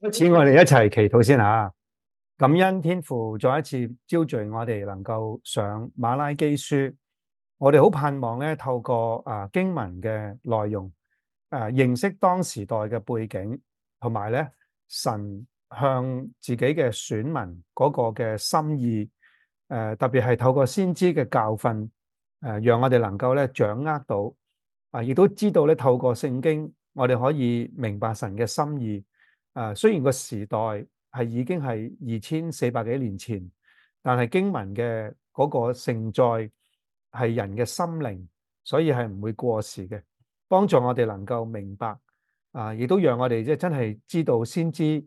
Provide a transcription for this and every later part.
開始，我哋一齊祈禱先吓、啊，感恩天父再一次招聚我哋，能夠上馬拉基書。我哋好盼望咧，透過啊經文嘅內容，誒、啊、認識當時代嘅背景，同埋咧神向自己嘅選民嗰個嘅心意。誒、啊，特別係透過先知嘅教訓，誒、啊、讓我哋能夠咧掌握到，啊，亦都知道咧透過聖經，我哋可以明白神嘅心意。啊，雖然個時代係已經係二千四百幾年前，但係經文嘅嗰個盛載係人嘅心靈，所以係唔會過時嘅，幫助我哋能夠明白啊，亦都讓我哋即真係知道先知誒、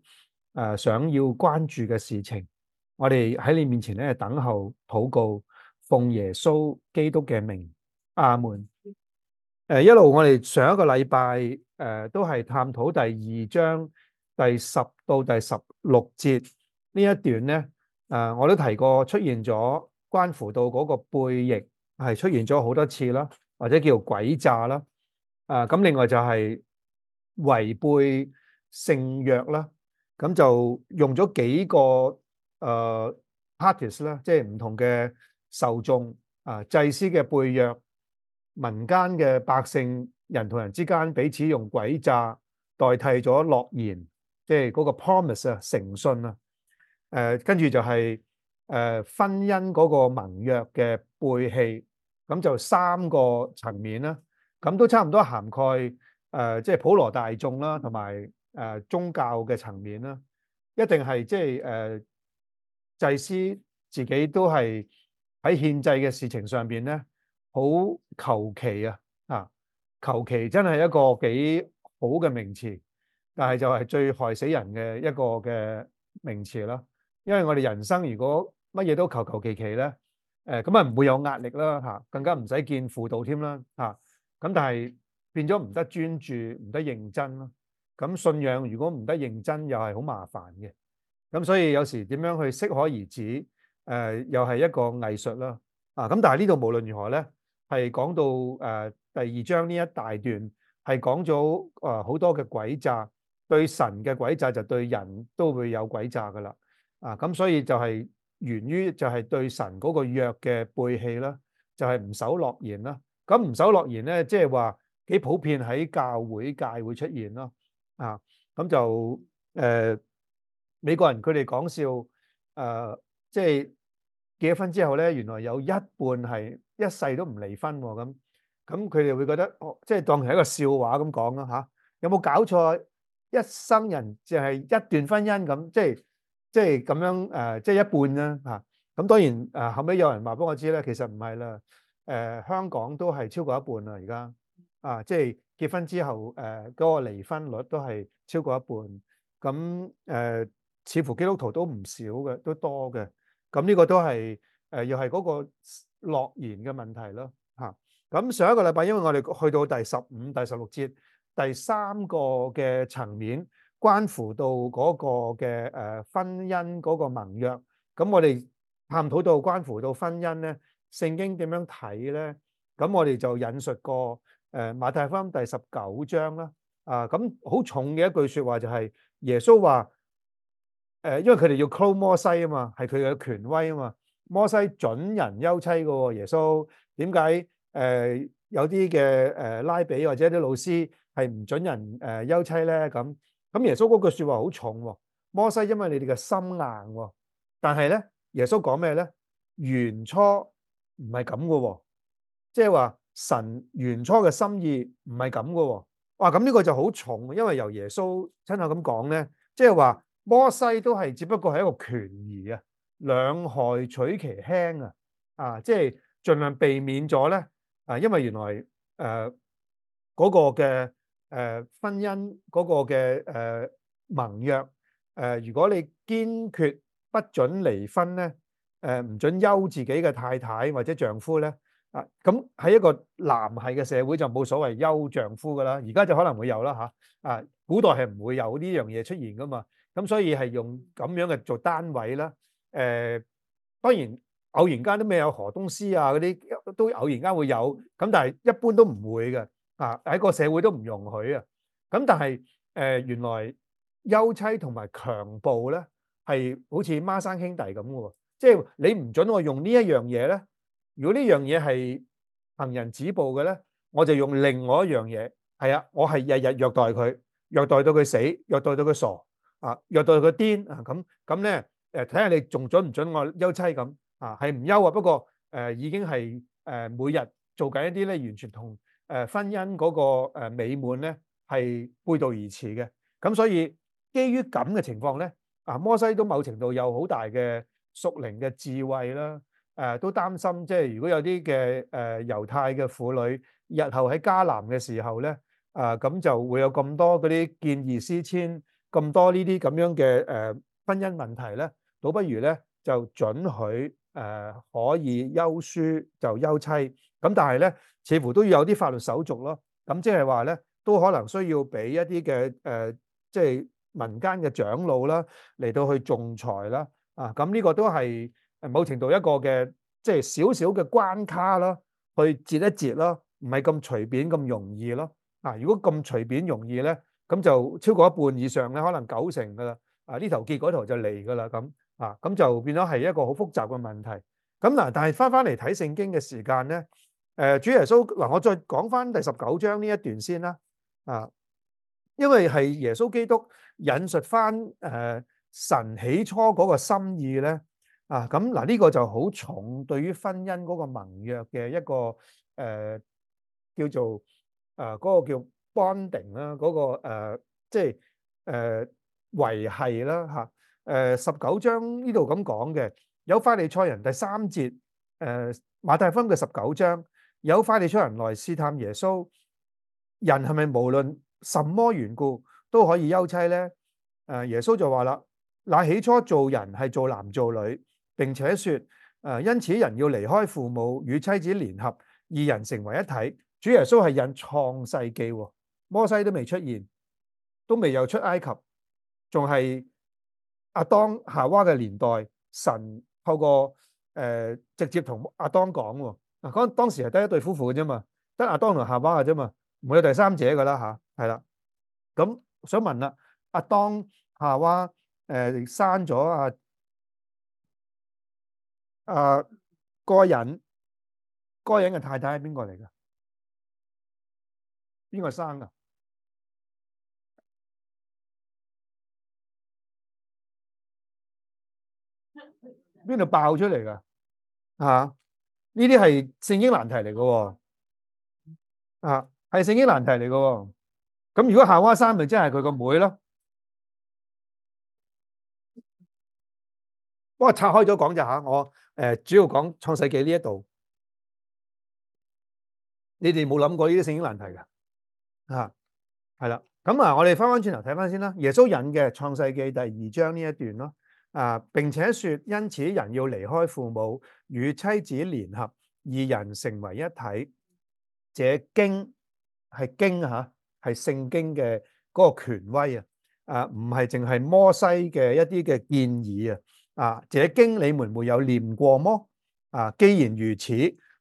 啊、想要關注嘅事情。我哋喺你面前咧等候禱告，奉耶穌基督嘅名，阿門。誒、啊、一路我哋上一個禮拜誒都係探討第二章。第十到第十六節呢一段咧，啊，我都提過出現咗關乎到嗰個背逆，係出現咗好多次啦，或者叫詭詐啦，啊，咁另外就係違背聖約啦，咁、啊、就用咗幾個誒 parties 啦、啊，即係唔同嘅受眾，啊，祭司嘅背約，民間嘅百姓，人同人之間彼此用詭詐代替咗諾言。即係嗰個 promise 啊，誠信啊，誒、呃，跟住就係、是、誒、呃、婚姻嗰個盟約嘅背棄，咁就三個層面啦、啊，咁都差唔多涵蓋誒，即、呃、係、就是、普羅大眾啦、啊，同埋誒宗教嘅層面啦、啊，一定係即係誒祭司自己都係喺獻祭嘅事情上邊咧，好求其啊，啊，求其真係一個幾好嘅名詞。但係就係最害死人嘅一個嘅名詞啦，因為我哋人生如果乜嘢都求求其其咧，誒咁啊唔會有壓力啦吓，更加唔使見輔導添啦吓，咁但係變咗唔得專注，唔得認真咯，咁信仰如果唔得認真又係好麻煩嘅，咁所以有時點樣去適可而止，誒又係一個藝術啦，啊咁但係呢度無論如何咧，係講到誒第二章呢一大段係講咗啊好多嘅詭詐。對神嘅詭詐就對人都會有詭詐噶啦，啊咁所以就係源於就係對神嗰個約嘅背棄啦，就係、是、唔守諾言啦。咁唔守諾言咧，即係話幾普遍喺教會界會出現咯，啊咁就誒、呃、美國人佢哋講笑誒，即、呃、係、就是、結咗婚之後咧，原來有一半係一世都唔離婚喎，咁咁佢哋會覺得哦，即係當係一個笑話咁講咯吓，有冇搞錯？一生人就係一段婚姻咁，即係即係咁樣，誒，即係一半啦，吓。咁當然，誒後尾有人話俾我知咧，其實唔係啦，誒香港都係超過一半啦，而家啊，即係結婚之後，誒嗰個離婚率都係超過一半。咁誒，似乎基督徒都唔少嘅，都多嘅。咁呢個都係誒，又係嗰個諾言嘅問題咯，嚇。咁上一個禮拜，因為我哋去到第十五、第十六節。第三個嘅層面關乎到嗰個嘅誒、呃、婚姻嗰個盟約，咁我哋探討到關乎到婚姻咧，聖經點樣睇咧？咁我哋就引述過誒、呃、馬太福音第十九章啦。啊，咁好重嘅一句說話就係耶穌話誒，因為佢哋要靠摩西啊嘛，係佢哋嘅權威啊嘛。摩西準人休妻嘅喎，耶穌點解誒？有啲嘅拉比或者啲老師係唔准人誒休妻咧，咁，咁耶穌嗰句說話好重喎，摩西因為你哋嘅心硬，但係咧耶穌講咩咧？原初唔係咁嘅喎，即係話神原初嘅心意唔係咁嘅喎。哇！咁、這、呢個就好重，因為由耶穌親口咁講咧，即係話摩西都係只不過係一個權宜啊，兩害取其輕啊，啊，即係盡量避免咗咧。啊，因為原來誒嗰個嘅誒婚姻嗰個嘅誒盟約誒，如果你堅決不准離婚咧，誒唔准休自己嘅太太或者丈夫咧，啊，咁喺一個男系嘅社會就冇所謂休丈夫㗎喇，而家就可能會有啦嚇啊，古代係唔會有呢樣嘢出現㗎嘛，咁所以係用咁樣嘅做單位啦，誒當然。偶然間都未有河東獅啊，嗰啲都偶然間會有，咁但係一般都唔會嘅，啊喺個社會都唔容許啊。咁但係誒、呃、原來休妻同埋強暴咧係好似孖生兄弟咁嘅喎，即係你唔准我用這一呢一樣嘢咧。如果呢樣嘢係行人止步嘅咧，我就用另外一樣嘢，係啊，我係日日虐待佢，虐待到佢死，虐待到佢傻啊，虐待到佢癲啊，咁咁咧誒睇下你仲準唔準我休妻咁。啊，係唔憂啊，不過誒已經係誒每日做緊一啲咧，完全同誒婚姻嗰個誒美滿咧係背道而馳嘅。咁所以基於咁嘅情況咧，啊摩西都某程度有好大嘅屬靈嘅智慧啦，誒都擔心即係如果有啲嘅誒猶太嘅婦女日後喺迦南嘅時候咧，啊咁就會有咁多嗰啲見異思遷，咁多呢啲咁樣嘅誒婚姻問題咧，倒不如咧就准許。誒、呃、可以休書就休妻，咁但係咧，似乎都要有啲法律手續咯。咁即係話咧，都可能需要俾一啲嘅、呃、即係民間嘅長老啦，嚟到去仲裁啦。啊，咁呢個都係某程度一個嘅，即係少少嘅關卡啦，去截一截啦，唔係咁隨便咁容易咯。啊，如果咁隨便容易咧，咁就超過一半以上咧，可能九成噶啦。啊，呢頭結嗰頭就嚟噶啦咁。啊，咁就變咗係一個好複雜嘅問題。咁嗱，但係翻翻嚟睇聖經嘅時間咧，誒，主耶穌嗱，我再講翻第十九章呢一段先啦。啊，因為係耶穌基督引述翻誒神起初嗰個心意咧。啊，咁嗱，呢個就好重對於婚姻嗰個盟約嘅一個誒、呃、叫做誒、呃嗰個叫 bonding 啦、嗰個，嗰個誒即係誒、呃、維繫啦吓。啊十九、呃、章呢度咁講嘅，有法利賽人第三節，誒、呃、馬太福音嘅十九章，有法利賽人來試探耶穌，人係咪無論什麼緣故都可以休妻呢？呃、耶穌就話啦，嗱，起初做人係做男做女，並且說、呃、因此人要離開父母與妻子聯合，二人成為一體。主耶穌係引創世記、哦，摩西都未出現，都未有出埃及，仲係。阿當夏娃嘅年代，神透過誒、呃、直接同阿當講喎。嗱，當當時係得一對夫婦嘅啫嘛，得阿當同夏娃嘅啫嘛，唔會有第三者噶啦吓，係、啊、啦。咁想問啦，阿當夏娃誒、呃、生咗阿阿該隱，該隱嘅太太係邊個嚟㗎？邊個生噶？邊度爆出嚟噶？吓、啊，呢啲係聖經難題嚟噶、啊，啊，係聖經難題嚟噶、啊。咁如果夏娃三咪即係佢個妹咯？不過拆開咗講就吓，我、呃、誒，主要講創世記呢一度，你哋冇諗過呢啲聖經難題噶，啊，係啦。咁啊，我哋翻翻轉頭睇翻先啦。耶穌引嘅創世記第二章呢一段咯。啊，並且說，因此人要離開父母，與妻子聯合，二人成為一體。這經係經吓，係、啊、聖經嘅嗰個權威啊！啊，唔係淨係摩西嘅一啲嘅建議啊！啊，這經你們沒有念過麼？啊，既然如此，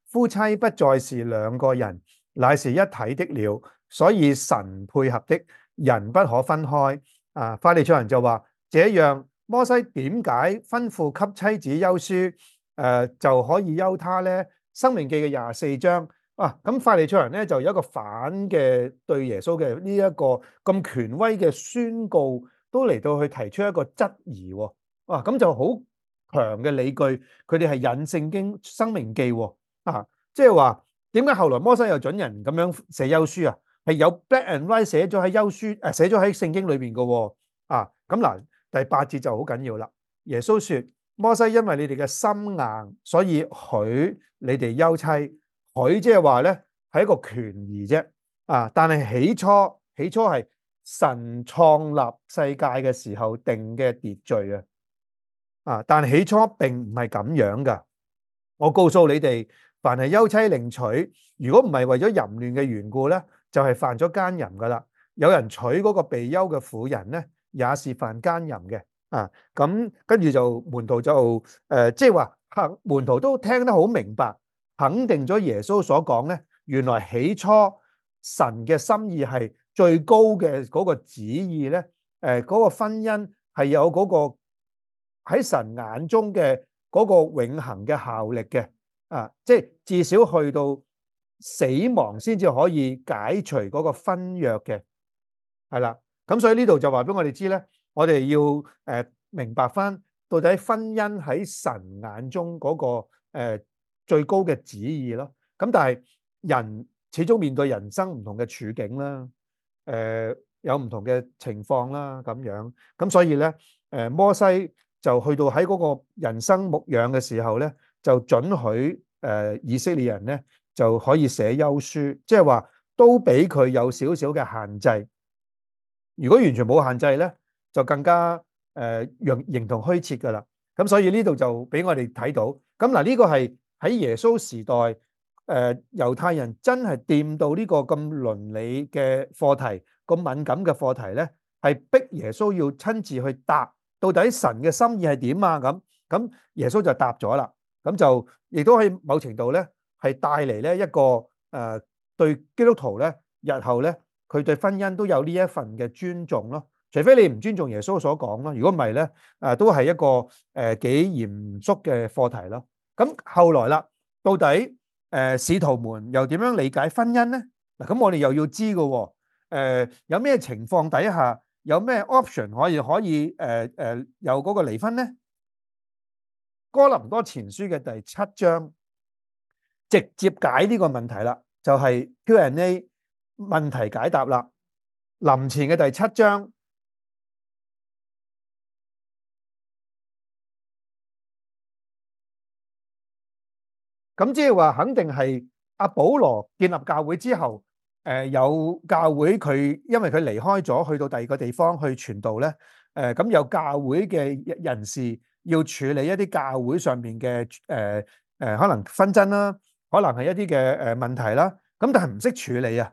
夫妻不再是兩個人，乃是一體的了。所以神配合的，人不可分開。啊，法利賽人就話這樣。摩西點解吩咐給妻子休書？誒、呃、就可以休他咧？《申命記》嘅廿四章啊，咁法利賽人咧就有一個反嘅對耶穌嘅呢一個咁權威嘅宣告，都嚟到去提出一個質疑喎。啊，咁就好強嘅理據，佢哋係引聖經《申命記》啊，即係話點解後來摩西又準人咁樣寫休書啊？係有 black and white 寫咗喺休書誒，寫咗喺聖經裏邊嘅喎。啊，咁嗱。啊啊啊第八節就好緊要啦。耶穌說：摩西因為你哋嘅心硬，所以許你哋休妻。許即係話咧，係一個權宜啫。啊！但係起初，起初係神創立世界嘅時候定嘅秩序啊。啊！但係起初並唔係咁樣噶。我告訴你哋，凡係休妻另娶，如果唔係為咗淫亂嘅緣故咧，就係犯咗姦淫噶啦。有人娶嗰個被休嘅婦人咧，也是犯姦淫嘅啊！咁跟住就門徒就誒、呃，即係話、啊，門徒都聽得好明白，肯定咗耶穌所講咧。原來起初神嘅心意係最高嘅嗰個旨意咧，誒、呃，嗰、這個婚姻係有嗰個喺神眼中嘅嗰個永恆嘅效力嘅啊！即係至少去到死亡先至可以解除嗰個婚約嘅，係啦。咁所以呢度就話俾我哋知咧，我哋要誒明白翻到底婚姻喺神眼中嗰個誒最高嘅旨意咯。咁但係人始終面對人生唔同嘅處境啦，誒有唔同嘅情況啦，咁樣。咁所以咧，誒摩西就去到喺嗰個人生牧養嘅時候咧，就准許誒以色列人咧就可以寫休書，即係話都俾佢有少少嘅限制。如果完全冇限制咧，就更加誒形同虛設噶啦。咁所以呢度就俾我哋睇到。咁嗱，呢個係喺耶穌時代，誒猶太人真係掂到呢個咁倫理嘅課題，咁敏感嘅課題咧，係逼耶穌要親自去答，到底神嘅心意係點啊？咁咁耶穌就答咗啦。咁就亦都可以某程度咧，係帶嚟咧一個誒對基督徒咧日後咧。佢對婚姻都有呢一份嘅尊重咯，除非你唔尊重耶穌所講咯。如果唔係咧，誒都係一個誒幾嚴肅嘅課題咯。咁後來啦，到底誒使徒們又點樣理解婚姻咧？嗱，咁我哋又要知㗎喎，有咩情況底下有咩 option 可以可以有嗰個離婚咧？哥林多前書嘅第七章直接解呢個問題啦，就係 Q&A 問題解答啦，林前嘅第七章，咁即係話肯定係阿保羅建立教會之後，誒有教會佢，因為佢離開咗去到第二個地方去傳道咧，誒咁有教會嘅人士要處理一啲教會上面嘅誒誒可能紛爭啦，可能係一啲嘅誒問題啦，咁但係唔識處理啊！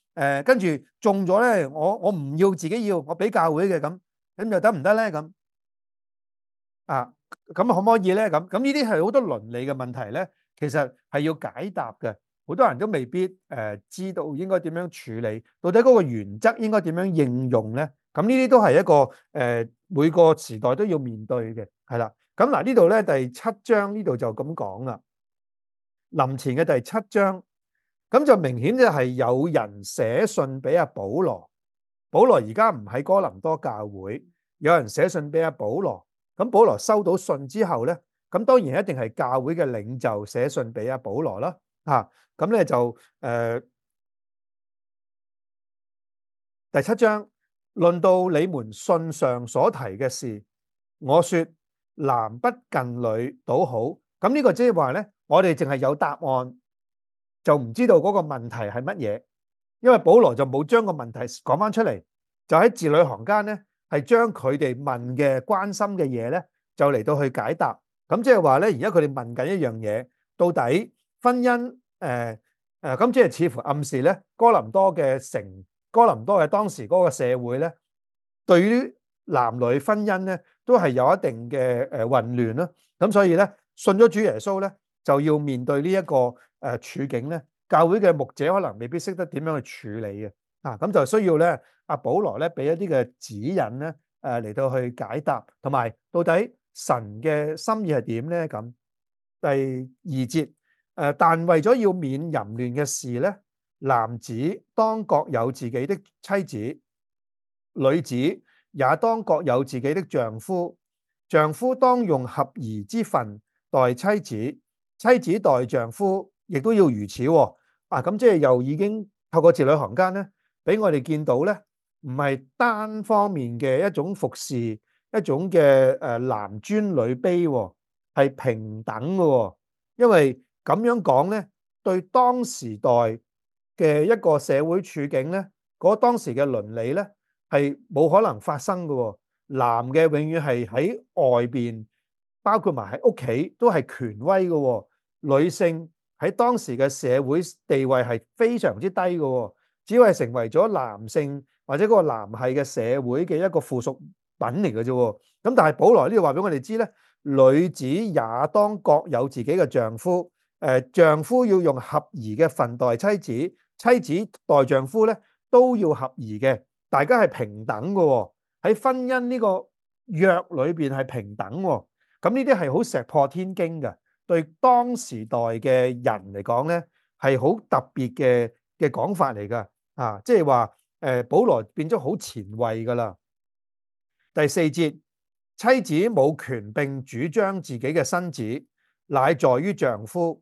誒、呃，跟住中咗咧，我我唔要自己要，我俾教會嘅咁，咁又得唔得咧？咁啊，咁可唔可以咧？咁咁呢啲係好多倫理嘅問題咧，其實係要解答嘅，好多人都未必誒、呃、知道應該點樣處理，到底嗰個原則應該點樣應用咧？咁呢啲都係一個誒、呃、每個時代都要面對嘅，係啦。咁嗱、呃、呢度咧，第七章呢度就咁講啦，林前嘅第七章。咁就明顯就係有人寫信俾阿、啊、保羅，保羅而家唔喺哥林多教會，有人寫信俾阿、啊、保羅，咁保羅收到信之後咧，咁當然一定係教會嘅領袖寫信俾阿、啊、保羅啦、啊，吓，咁咧就誒第七章論到你們信上所提嘅事，我說男不近女，倒好，咁呢個即係話咧，我哋淨係有答案，就唔知道嗰個問題係乜嘢，因為保羅就冇將個問題講翻出嚟，就喺字裏行間咧，係將佢哋問嘅關心嘅嘢咧，就嚟到去解答。咁即係話咧，而家佢哋問緊一樣嘢，到底婚姻誒誒，咁即係似乎暗示咧，哥林多嘅城，哥林多嘅當時嗰個社會咧，對於男女婚姻咧，都係有一定嘅誒混亂啦。咁所以咧，信咗主耶穌咧。就要面對呢一個誒處境咧，教會嘅牧者可能未必識得點樣去處理嘅，啊咁就需要咧阿、啊、保羅咧俾一啲嘅指引咧，誒、啊、嚟到去解答，同埋到底神嘅心意係點咧？咁第二節誒、啊，但為咗要免淫亂嘅事咧，男子當各有自己的妻子，女子也當各有自己的丈夫，丈夫當用合宜之分待妻子。妻子代丈夫，亦都要如此喎、哦。啊，咁即係又已經透過字裏行間咧，俾我哋見到咧，唔係單方面嘅一種服侍，一種嘅誒男尊女卑、哦，係平等嘅、哦。因為咁樣講咧，對當時代嘅一個社會處境咧，嗰、那個、當時嘅倫理咧，係冇可能發生嘅、哦。男嘅永遠係喺外邊，包括埋喺屋企都係權威嘅、哦。女性喺當時嘅社會地位係非常之低嘅，只會係成為咗男性或者嗰個男系嘅社會嘅一個附屬品嚟嘅啫。咁但係保羅呢度話俾我哋知咧，女子也當各有自己嘅丈夫，誒丈夫要用合宜嘅份待妻子，妻子待丈夫咧都要合宜嘅，大家係平等嘅喎。喺婚姻呢個約裏邊係平等，咁呢啲係好石破天驚嘅。對當時代嘅人嚟講咧，係好特別嘅嘅講法嚟噶，啊，即係話，誒、呃，保羅變咗好前衛噶啦。第四節，妻子冇權柄主張自己嘅身子，乃在於丈夫；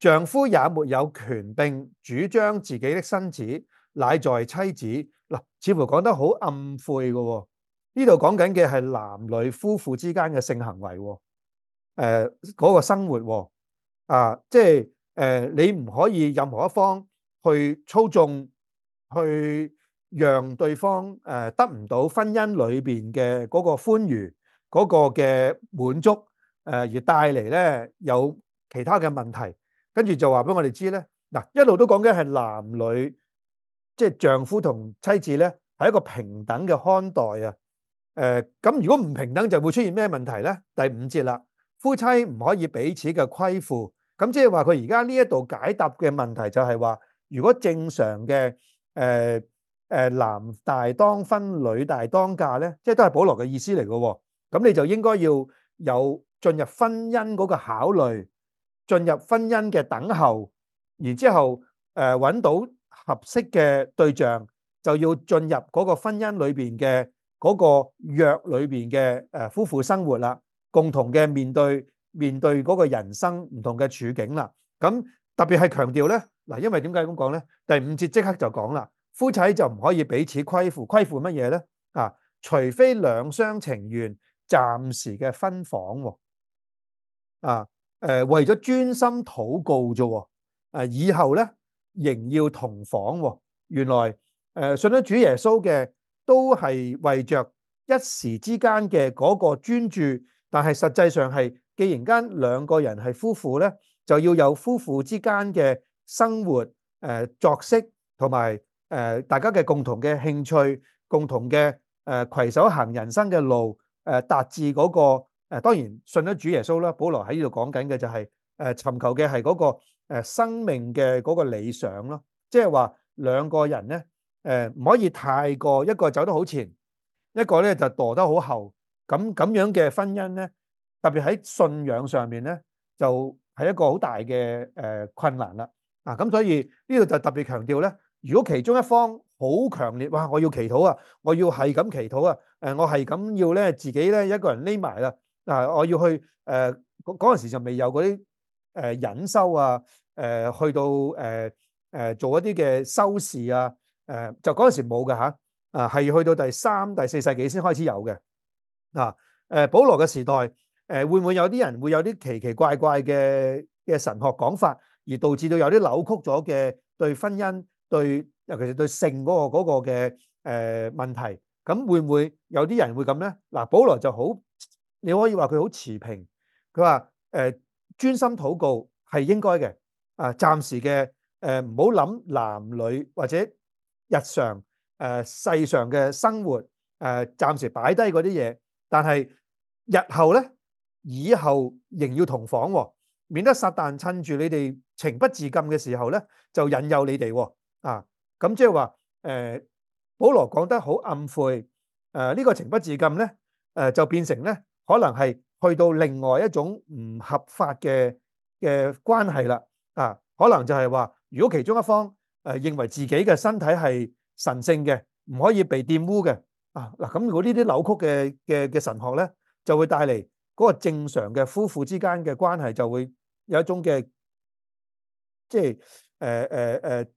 丈夫也沒有權柄主張自己的身子，乃在妻子。嗱、呃，似乎講得好暗晦噶、哦，呢度講緊嘅係男女夫婦之間嘅性行為、哦。誒，嗰個生活喎，啊，即係誒，你唔可以任何一方去操縱，去讓對方誒得唔到婚姻裏邊嘅嗰個歡愉，嗰個嘅滿足，誒而帶嚟咧有其他嘅問題，跟住就話俾我哋知咧，嗱一路都講緊係男女，即係丈夫同妻子咧係一個平等嘅看待啊，誒，咁如果唔平等就會出現咩問題咧？第五節啦。夫妻唔可以彼此嘅虧負，咁即係話佢而家呢一度解答嘅問題就係話，如果正常嘅誒誒男大當婚女大當嫁咧，即係都係保羅嘅意思嚟嘅，咁你就應該要有進入婚姻嗰個考慮，進入婚姻嘅等候，然之後誒揾到合適嘅對象，就要進入嗰個婚姻裏邊嘅嗰個約裏邊嘅誒夫婦生活啦。共同嘅面對面對嗰個人生唔同嘅處境啦，咁特別係強調咧嗱，因為點解咁講咧？第五節即刻就講啦，夫妻就唔可以彼此虧負，虧負乜嘢咧啊？除非兩廂情願，暫時嘅分房啊誒、呃，為咗專心禱告啫喎、啊、以後咧仍要同房喎、啊。原來誒、呃、信咗主耶穌嘅都係為着一時之間嘅嗰個專注。但係實際上係，既然間兩個人係夫婦咧，就要有夫婦之間嘅生活，誒、呃、作息，同埋誒大家嘅共同嘅興趣，共同嘅誒携手行人生嘅路，誒、呃、達至嗰、那個誒、呃，當然信咗主耶穌啦。保羅喺呢度講緊嘅就係、是，誒、呃、尋求嘅係嗰個誒、呃、生命嘅嗰個理想咯，即係話兩個人咧，誒、呃、唔可以太過一個走得好前，一個咧就墮得好後。咁咁樣嘅婚姻咧，特別喺信仰上面咧，就係、是、一個好大嘅困難啦。啊，咁所以呢度就特別強調咧，如果其中一方好強烈，哇！我要祈禱啊，我要係咁祈禱啊，我係咁要咧，自己咧一個人匿埋啦。啊，我要去嗰嗰、呃、陣時就未有嗰啲誒隱修啊，去到誒、呃呃、做一啲嘅修士啊，呃、就嗰陣時冇㗎吓，啊係去到第三、第四世紀先開始有嘅。嗱，誒、啊、保羅嘅時代，誒、啊、會唔會有啲人會有啲奇奇怪怪嘅嘅神學講法，而導致到有啲扭曲咗嘅對婚姻、對尤其是對性嗰個嗰個嘅誒、啊、問題，咁會唔會有啲人會咁咧？嗱、啊，保羅就好，你可以話佢好持平，佢話誒專心禱告係應該嘅，啊暫時嘅誒唔好諗男女或者日常誒、啊、世上嘅生活誒、啊、暫時擺低嗰啲嘢。但係日後咧，以後仍要同房，哦，免得撒旦趁住你哋情不自禁嘅時候咧，就引誘你哋，哦。啊，咁即係話，誒、呃，保羅講得好暗晦。誒、啊，呢、這個情不自禁咧，誒、啊，就變成咧，可能係去到另外一種唔合法嘅嘅關係啦。啊，可能就係話，如果其中一方誒、啊、認為自己嘅身體係神聖嘅，唔可以被玷污嘅。嗱咁，啊、如果呢啲扭曲嘅嘅嘅神學咧，就會帶嚟嗰個正常嘅夫婦之間嘅關係，就會有一種嘅即係誒誒誒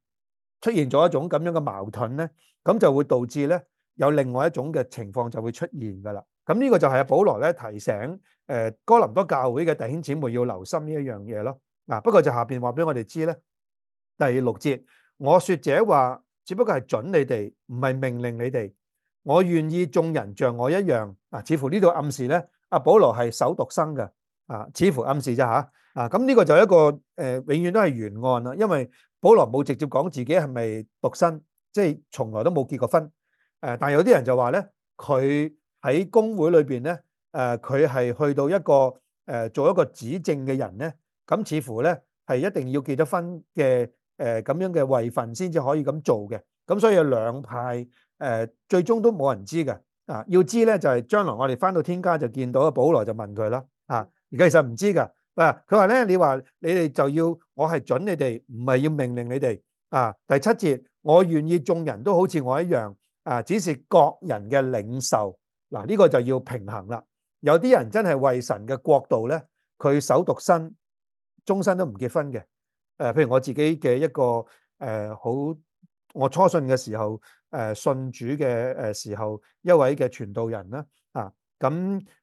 出現咗一種咁樣嘅矛盾咧，咁就會導致咧有另外一種嘅情況就會出現噶啦。咁呢個就係阿保羅咧提醒誒、呃、哥林多教會嘅弟兄姊妹要留心呢一樣嘢咯。嗱、啊，不過就下邊話俾我哋知咧，第六節，我説這話只不過係準你哋，唔係命令你哋。我願意眾人像我一樣啊！似乎呢度暗示呢，阿保羅係守獨身嘅啊，似乎暗示啫吓。啊！咁、這、呢個就一個誒、呃，永遠都係懸案啦，因為保羅冇直接講自己係咪獨身，即係從來都冇結過婚。誒、呃，但有啲人就話呢，佢喺公會裏邊呢，誒佢係去到一個誒、呃、做一個指證嘅人呢，咁、呃、似乎呢，係一定要結咗婚嘅誒咁樣嘅位份先至可以咁做嘅。咁、呃、所以有兩派。誒、呃，最終都冇人知嘅，啊，要知咧就係、是、將來我哋翻到天家就見到，保羅就問佢啦，啊，而家其實唔知噶，啊，佢話咧，你話你哋就要，我係准你哋，唔係要命令你哋，啊，第七節，我願意眾人都好似我一樣，啊，只是各人嘅領受，嗱、啊、呢、這個就要平衡啦，有啲人真係為神嘅國度咧，佢守獨身，終身都唔結婚嘅，誒、啊，譬如我自己嘅一個，誒、呃，好，我初信嘅時候。誒信主嘅誒時候，一位嘅傳道人啦，啊，咁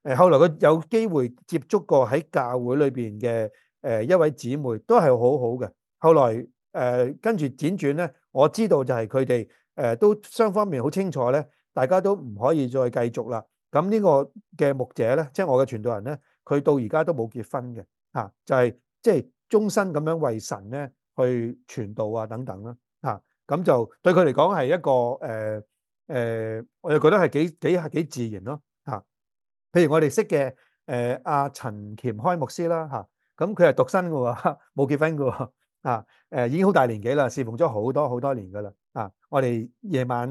誒後來佢有機會接觸過喺教會裏邊嘅誒一位姊妹，都係好好嘅。後來誒、呃、跟住輾轉咧，我知道就係佢哋誒都雙方面好清楚咧，大家都唔可以再繼續啦。咁呢個嘅牧者咧，即係我嘅傳道人咧，佢到而家都冇結婚嘅，嚇、啊、就係即係終身咁樣為神咧去傳道啊等等啦。咁就對佢嚟講係一個誒我哋覺得係幾幾幾自然咯，譬如我哋識嘅誒阿陳鉗開牧師啦，咁佢係獨身嘅喎，冇結婚嘅喎，啊已經好大年紀啦，侍奉咗好多好多年㗎啦，啊，我哋夜晚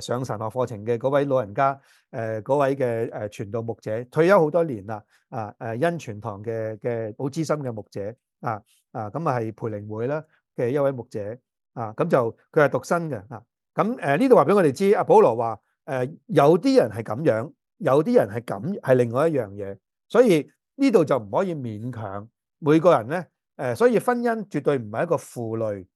上神學課程嘅嗰位老人家誒嗰位嘅誒傳道牧者退休好多年啦，啊恩傳堂嘅嘅好資深嘅牧者啊啊，咁啊係培靈會啦嘅一位牧者。啊，咁就佢係獨身嘅，啊，咁呢度話俾我哋知，阿保羅話有啲人係咁樣，有啲人係咁係另外一樣嘢，所以呢度就唔可以勉強每個人咧、啊。所以婚姻絕對唔係一個負累、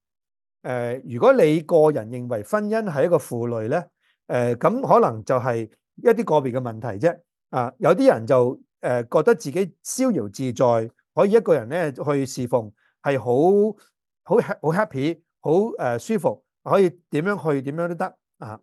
啊。如果你個人認為婚姻係一個負累咧，誒、啊、咁、啊、可能就係一啲個別嘅問題啫。啊，有啲人就誒、啊、覺得自己逍遙自在，可以一個人咧去侍奉，係好好好 happy。好誒舒服，可以點樣去點樣都得啊！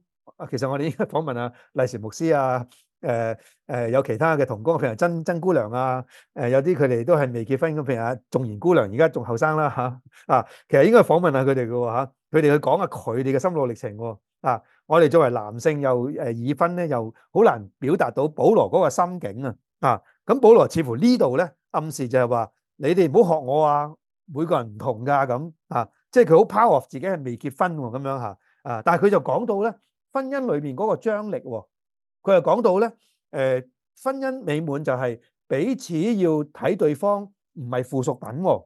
其實我哋應該訪問下麗時牧師啊，誒、啊、誒、啊、有其他嘅同工，譬如曾曾姑娘啊，誒、啊、有啲佢哋都係未結婚咁，譬如啊仲賢姑娘，而家仲後生啦嚇啊！其實應該訪問下佢哋嘅喎，佢哋去講下佢哋嘅心路歷程喎啊！我哋作為男性又誒已、啊、婚咧，又好難表達到保羅嗰個心境啊！啊，咁保羅似乎這裡呢度咧暗示就係話你哋唔好學我啊，每個人唔同噶咁啊。啊即係佢好 power，自己係未結婚喎，咁樣吓啊！但係佢就講到咧，婚姻裏面嗰個張力喎，佢又講到咧，誒婚姻美滿就係彼此要睇對方唔係附屬品喎，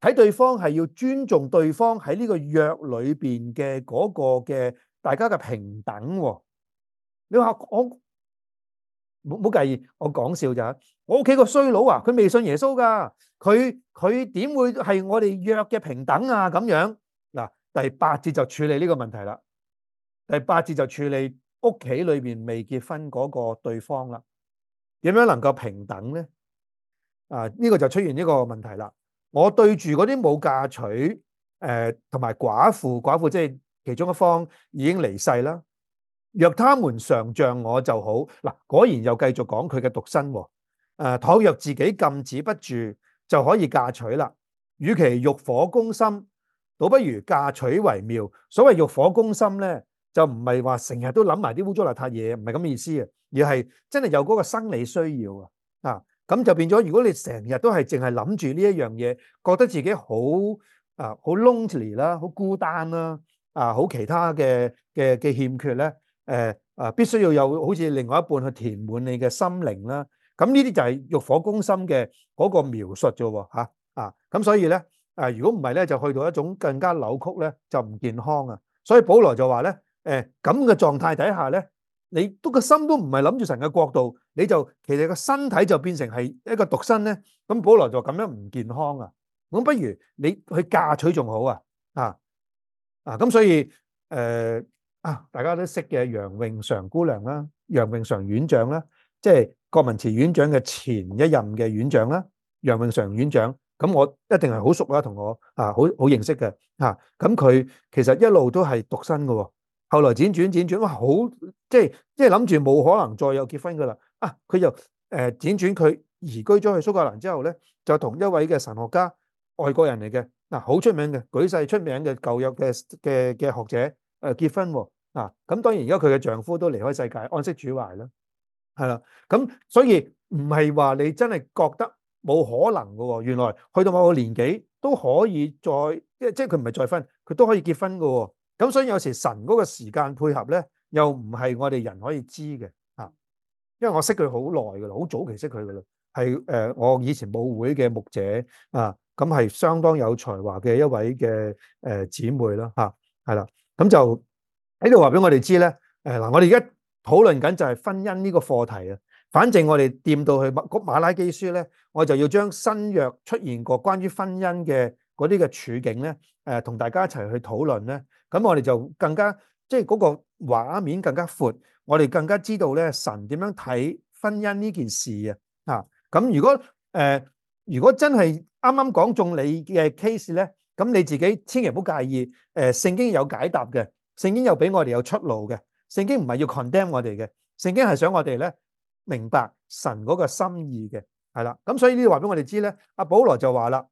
睇對方係要尊重對方喺呢個約裏邊嘅嗰個嘅大家嘅平等喎。你話我？冇冇介意，我講笑咋。我屋企個衰佬啊，佢未信耶穌噶，佢，佢點會係我哋約嘅平等啊？咁樣嗱，第八節就處理呢個問題啦。第八節就處理屋企裏邊未結婚嗰個對方啦。點樣能夠平等咧？啊，呢個就出現呢個問題啦。我對住嗰啲冇嫁娶誒，同埋寡婦寡婦，即係其中一方已經離世啦。若他們常像我就好嗱，果然又繼續講佢嘅獨身喎。誒，倘若自己禁止不住，就可以嫁娶啦。與其欲火攻心，倒不如嫁娶為妙。所謂欲火攻心咧，就唔係話成日都諗埋啲污糟邋遢嘢，唔係咁意思，而係真係有嗰個生理需要啊。咁就變咗，如果你成日都係淨係諗住呢一樣嘢，覺得自己好啊好 lonely 啦，好孤單啦，啊好其他嘅嘅嘅欠缺咧。誒啊，必須要有好似另外一半去填滿你嘅心靈啦。咁呢啲就係欲火攻心嘅嗰個描述啫。吓啊，咁、啊、所以咧，誒、啊，如果唔係咧，就去到一種更加扭曲咧，就唔健康啊。所以保羅就話咧，誒、啊，咁嘅狀態底下咧，你都個心都唔係諗住神嘅角度，你就其實個身體就變成係一個獨身咧。咁保羅就咁樣唔健康啊。咁不如你去嫁娶仲好啊。啊啊，咁、啊、所以誒。呃啊！大家都識嘅楊穎常姑娘啦，楊穎常院長啦，即係郭文慈院長嘅前一任嘅院長啦，楊穎常院長。咁我一定係好熟啦，同我啊好好認識嘅嚇。咁、啊、佢其實一路都係獨身嘅。後來輾轉輾轉，哇！好即係即係諗住冇可能再有結婚嘅啦。啊！佢又誒輾轉佢移居咗去蘇格蘭之後咧，就同一位嘅神學家外國人嚟嘅嗱，好、啊、出名嘅，舉世出名嘅舊約嘅嘅嘅學者。誒，結婚喎，啊，啊，咁當然而家佢嘅丈夫都離開世界，安息主懷啦，係啦，咁、啊、所以唔係話你真係覺得冇可能噶，原來去到某個年紀都可以再，即係即係佢唔係再婚，佢都可以結婚噶，咁、啊、所以有時神嗰個時間配合咧，又唔係我哋人可以知嘅，啊，因為我識佢好耐噶啦，好早期識佢噶啦，係誒、呃、我以前舞會嘅牧者啊，咁係相當有才華嘅一位嘅誒姊妹啦，吓係啦。咁就喺度話俾我哋知咧，誒嗱，我哋而家討論緊就係婚姻呢個課題啊。反正我哋掂到去馬嗰馬拉基書咧，我就要將新約出現過關於婚姻嘅嗰啲嘅處境咧，誒，同大家一齊去討論咧。咁我哋就更加即係嗰個畫面更加闊，我哋更加知道咧，神點樣睇婚姻呢件事啊。吓。咁如果誒，如果真係啱啱講中你嘅 case 咧。咁你自己千祈唔好介意，誒、呃，聖經有解答嘅，聖經又俾我哋有出路嘅，聖經唔係要 condemn 我哋嘅，聖經係想我哋咧明白神嗰個心意嘅，係啦，咁所以呢度話俾我哋知咧，阿保羅就話啦，誒、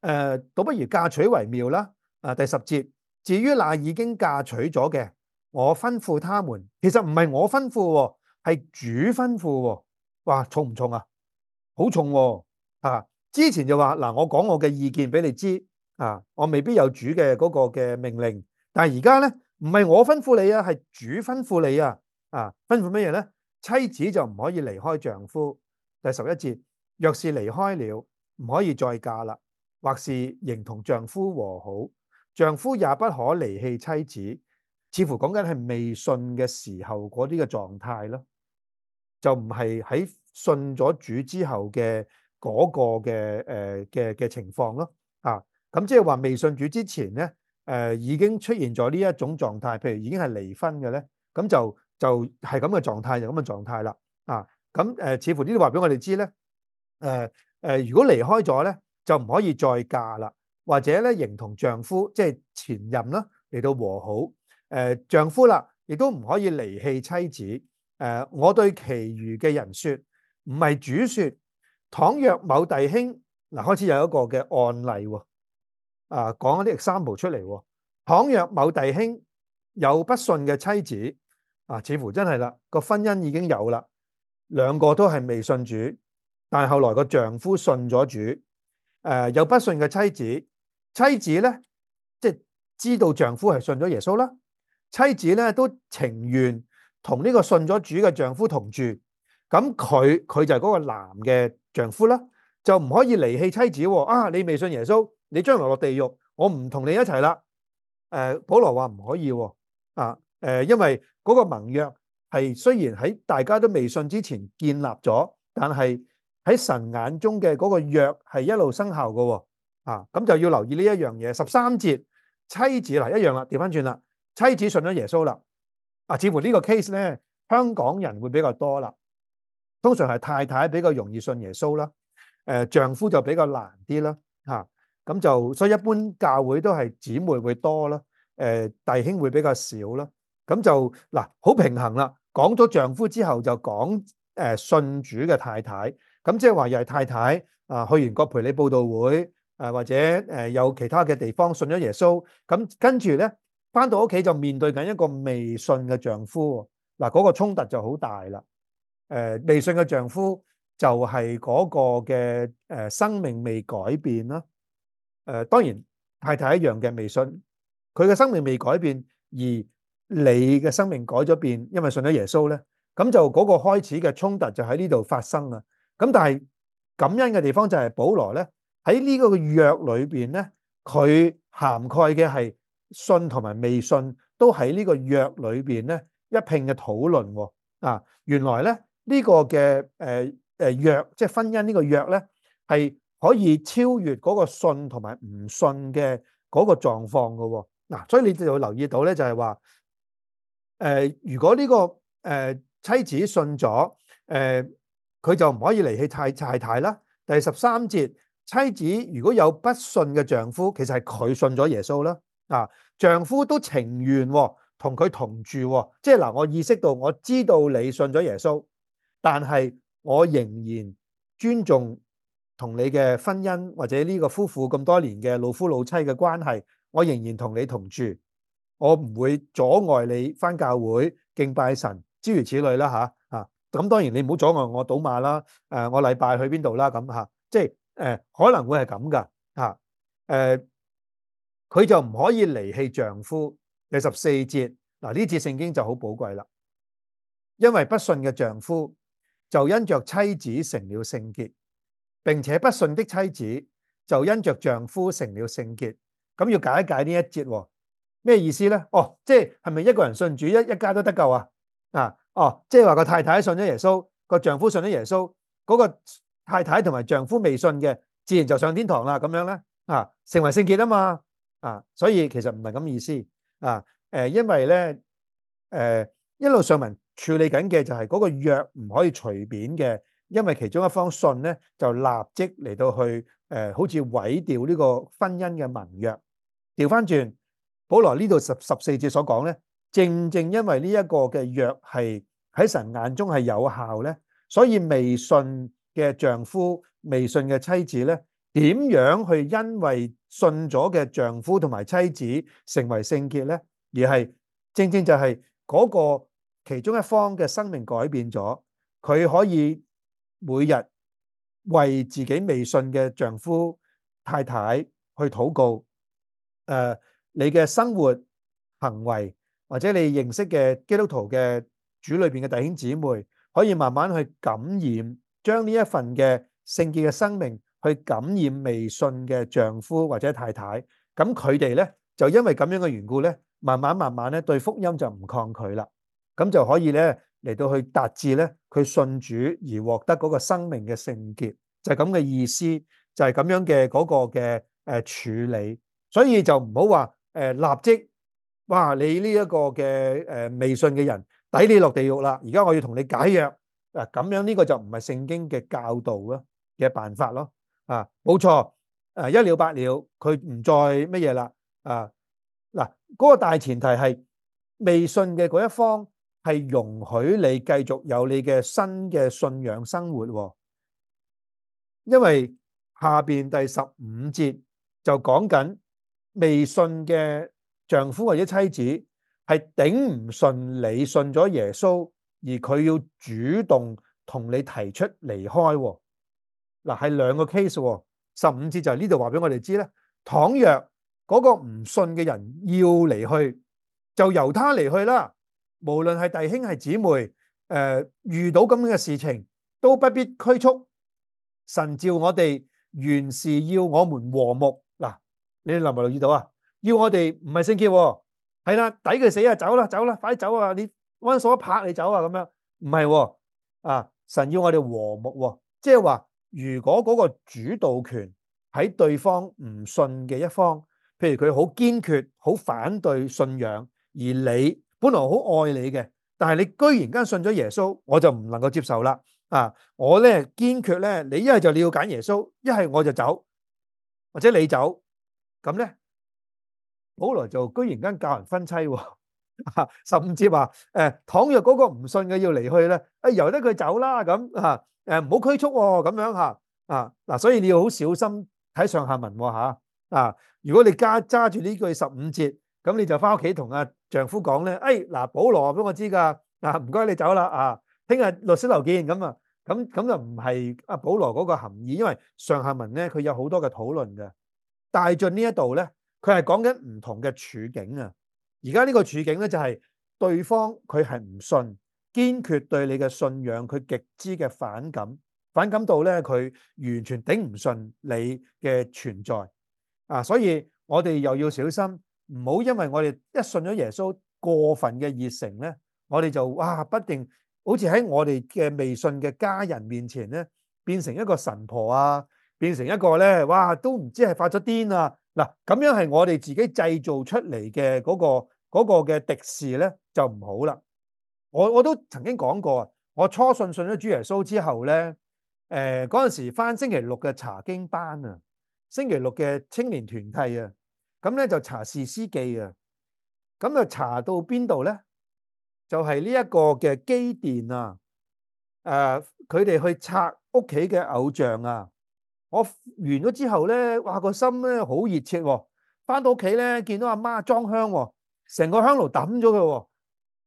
呃，倒不如嫁娶為妙啦，啊，第十節，至於嗱已經嫁娶咗嘅，我吩咐他們，其實唔係我吩咐，係主吩咐，哇，重唔重啊？好重啊，啊，之前就話嗱，我講我嘅意見俾你知。啊！我未必有主嘅嗰個嘅命令，但係而家呢，唔係我吩咐你啊，係主吩咐你啊。啊，吩咐乜嘢呢？妻子就唔可以離開丈夫。第十一節，若是離開了，唔可以再嫁啦，或是仍同丈夫和好，丈夫也不可離棄妻子。似乎講緊係未信嘅時候嗰啲嘅狀態咯，就唔係喺信咗主之後嘅嗰個嘅誒嘅嘅情況咯。啊！咁即係話，未信主之前咧，誒、呃、已經出現咗呢一種狀態，譬如已經係離婚嘅咧，咁就就係咁嘅狀態，就咁嘅狀態啦，啊，咁、呃、誒似乎這呢啲話俾我哋知咧，誒、呃、誒、呃，如果離開咗咧，就唔可以再嫁啦，或者咧，認同丈夫即係、就是、前任啦嚟到和好，誒、呃、丈夫啦，亦都唔可以離棄妻，妻子，誒、呃、我對其餘嘅人説，唔係主説，倘若某弟兄嗱、呃、開始有一個嘅案例喎、哦。啊，講一啲 example 出嚟，倘、啊、若某弟兄有不信嘅妻子，啊，似乎真係啦，個婚姻已經有啦，兩個都係未信主，但係後來個丈夫信咗主、啊，有不信嘅妻子，妻子咧即係知道丈夫係信咗耶穌啦，妻子咧都情願同呢個信咗主嘅丈夫同住，咁佢佢就係嗰個男嘅丈夫啦，就唔可以離棄妻子喎、啊。啊，你未信耶穌？你將來落地獄，我唔同你一齊啦。誒，保羅話唔可以喎。啊，因為嗰個盟約係雖然喺大家都未信之前建立咗，但係喺神眼中嘅嗰個約係一路生效嘅喎、啊。啊，咁就要留意呢一樣嘢。十三節，妻子嗱、啊、一樣啦，調翻轉啦。妻子信咗耶穌啦。啊，似乎呢個 case 咧，香港人會比較多啦。通常係太太比較容易信耶穌啦。誒、啊，丈夫就比較難啲啦。啊。咁就所以一般教會都係姊妹會多啦，誒，弟兄會比較少啦。咁就嗱好平衡啦。講咗丈夫之後就講誒，信主嘅太太，咁即係話又係太太啊，去完葛培理佈道會誒，或者誒，有其他嘅地方信咗耶穌，咁跟住咧返到屋企就面對緊一個未信嘅丈夫，嗱嗰個衝突就好大啦。誒未信嘅丈夫就係嗰個嘅誒生命未改變啦。誒，當然太太一樣嘅未信，佢嘅生命未改變，而你嘅生命改咗變，因為信咗耶穌咧，咁就嗰個開始嘅衝突就喺呢度發生啦。咁但係感恩嘅地方就係保羅咧，喺呢個約裏邊咧，佢涵蓋嘅係信同埋未信都喺呢個約裏邊咧一併嘅討論。啊，原來咧呢個嘅誒誒約，即係婚姻呢個約咧係。可以超越嗰個信同埋唔信嘅嗰個狀況噶，嗱，所以你就要留意到咧，就係話，誒，如果呢、這個誒、呃、妻子信咗，誒、呃，佢就唔可以離棄太太太啦。第十三節，妻子如果有不信嘅丈夫，其實係佢信咗耶穌啦。啊、呃，丈夫都情願同、喎、佢同住、喎，即係嗱，我意識到，我知道你信咗耶穌，但係我仍然尊重。同你嘅婚姻或者呢個夫婦咁多年嘅老夫老妻嘅關係，我仍然同你同住，我唔會阻礙你翻教會敬拜神，諸如此類啦吓吓。咁當然你唔好阻礙我賭馬啦，誒我禮拜去邊度啦咁吓，即係誒可能會係咁噶吓，誒佢就唔可以離棄丈夫。第十四節嗱呢節聖經就好寶貴啦，因為不信嘅丈夫就因着妻子成了聖潔。並且不信的妻子就因着丈夫成了聖潔，咁要解一解呢一節，咩意思呢？哦，即係係咪一個人信主，一一家都得救啊？啊，哦，即係話、個太太信咗耶穌，個丈夫信咗耶穌，嗰個太太同埋丈夫未信嘅，自然就上天堂啦。咁樣呢，啊，成為聖潔啊嘛啊，所以其實唔係咁意思啊。誒、呃，因為呢，誒、呃，一路上文處理緊嘅就係嗰個約唔可以隨便嘅。因為其中一方信咧，就立即嚟到去誒、呃，好似毀掉呢個婚姻嘅盟約。調翻轉，保羅呢度十十四節所講咧，正正因為呢一個嘅約係喺神眼中係有效咧，所以未信嘅丈夫、未信嘅妻子咧，點樣去因為信咗嘅丈夫同埋妻子成為聖潔咧？而係正正就係嗰個其中一方嘅生命改變咗，佢可以。每日為自己未信嘅丈夫、太太去禱告，誒，你嘅生活行為或者你認識嘅基督徒嘅主裏邊嘅弟兄姊妹，可以慢慢去感染，將呢一份嘅聖潔嘅生命去感染未信嘅丈夫或者太太，咁佢哋咧就因為咁樣嘅緣故咧，慢慢慢慢咧對福音就唔抗拒啦，咁就可以咧。嚟到去達至咧，佢信主而獲得嗰個生命嘅聖潔，就係咁嘅意思，就係、係、咁樣嘅嗰、嗰個嘅誒處理，所以就唔好話誒立即哇！你呢一個嘅誒未信嘅人，抵你落地獄啦！而家我要同你解約嗱，咁、啊、樣呢個就唔係聖經嘅教導咯嘅辦法咯啊，冇錯誒，一了百了，佢唔再乜嘢啦啊嗱，嗰、嗰個大前提係未信嘅嗰一方。係容許你繼續有你嘅新嘅信仰生活，因為下邊第十五節就講緊未信嘅丈夫或者妻子係頂唔順你，信咗耶穌，而佢要主動同你提出離開。嗱，係兩個 case。十五節就係呢度話俾我哋知咧，倘若嗰個唔信嘅人要離去，就由他離去啦。無論係弟兄係姊妹，誒、呃、遇到咁樣嘅事情，都不必拘束。神召我哋原是要我們和睦。嗱、啊，你留意唔留意到啊？要我哋唔係聖潔，係啦、啊，抵佢死啊，走啦、啊，走啦、啊啊，快啲走啊！你温手一拍你走啊，咁樣唔係啊，啊？神要我哋和睦、啊，即係話如果嗰個主導權喺對方唔信嘅一方，譬如佢好堅決、好反對信仰，而你。本來好愛你嘅，但係你居然間信咗耶穌，我就唔能夠接受啦。啊，我咧堅決咧，你一係就你要揀耶穌，一係我就走，或者你走。咁咧，保羅就居然間教人分妻喎、哦啊，甚至話誒，倘、啊、若嗰個唔信嘅要離去咧，啊，由得佢走啦，咁啊，誒、啊，唔、啊、好拘束喎、哦，咁樣吓啊嗱，所以你要好小心睇上下文吓、哦、啊，啊。如果你加揸住呢句十五節。咁你就翻屋企同阿丈夫講咧，哎嗱，保羅俾我知噶，嗱唔該你走啦啊，聽日律師樓見咁啊，咁咁就唔係阿保羅嗰個含義，因為上下文咧佢有好多嘅討論嘅，大進呢一度咧，佢係講緊唔同嘅處境啊。而家呢個處境咧就係對方佢係唔信，堅決對你嘅信仰佢極之嘅反感，反感到咧佢完全頂唔順你嘅存在啊，所以我哋又要小心。唔好因為我哋一信咗耶穌過分嘅熱誠咧，我哋就哇不定好似喺我哋嘅微信嘅家人面前咧，變成一個神婆啊，變成一個咧，哇都唔知係發咗癲啊！嗱，咁樣係我哋自己製造出嚟嘅嗰個嘅敵視咧，那個、就唔好啦。我我都曾經講過，我初信信咗主耶穌之後咧，誒嗰陣時返星期六嘅查經班啊，星期六嘅青年團契啊。咁咧就查士師記啊，咁就查到邊度咧？就係呢一個嘅基甸啊，誒、呃，佢哋去拆屋企嘅偶像啊！我完咗之後咧，哇個心咧好熱切，翻到屋企咧，見到阿媽裝香，成個香爐抌咗佢，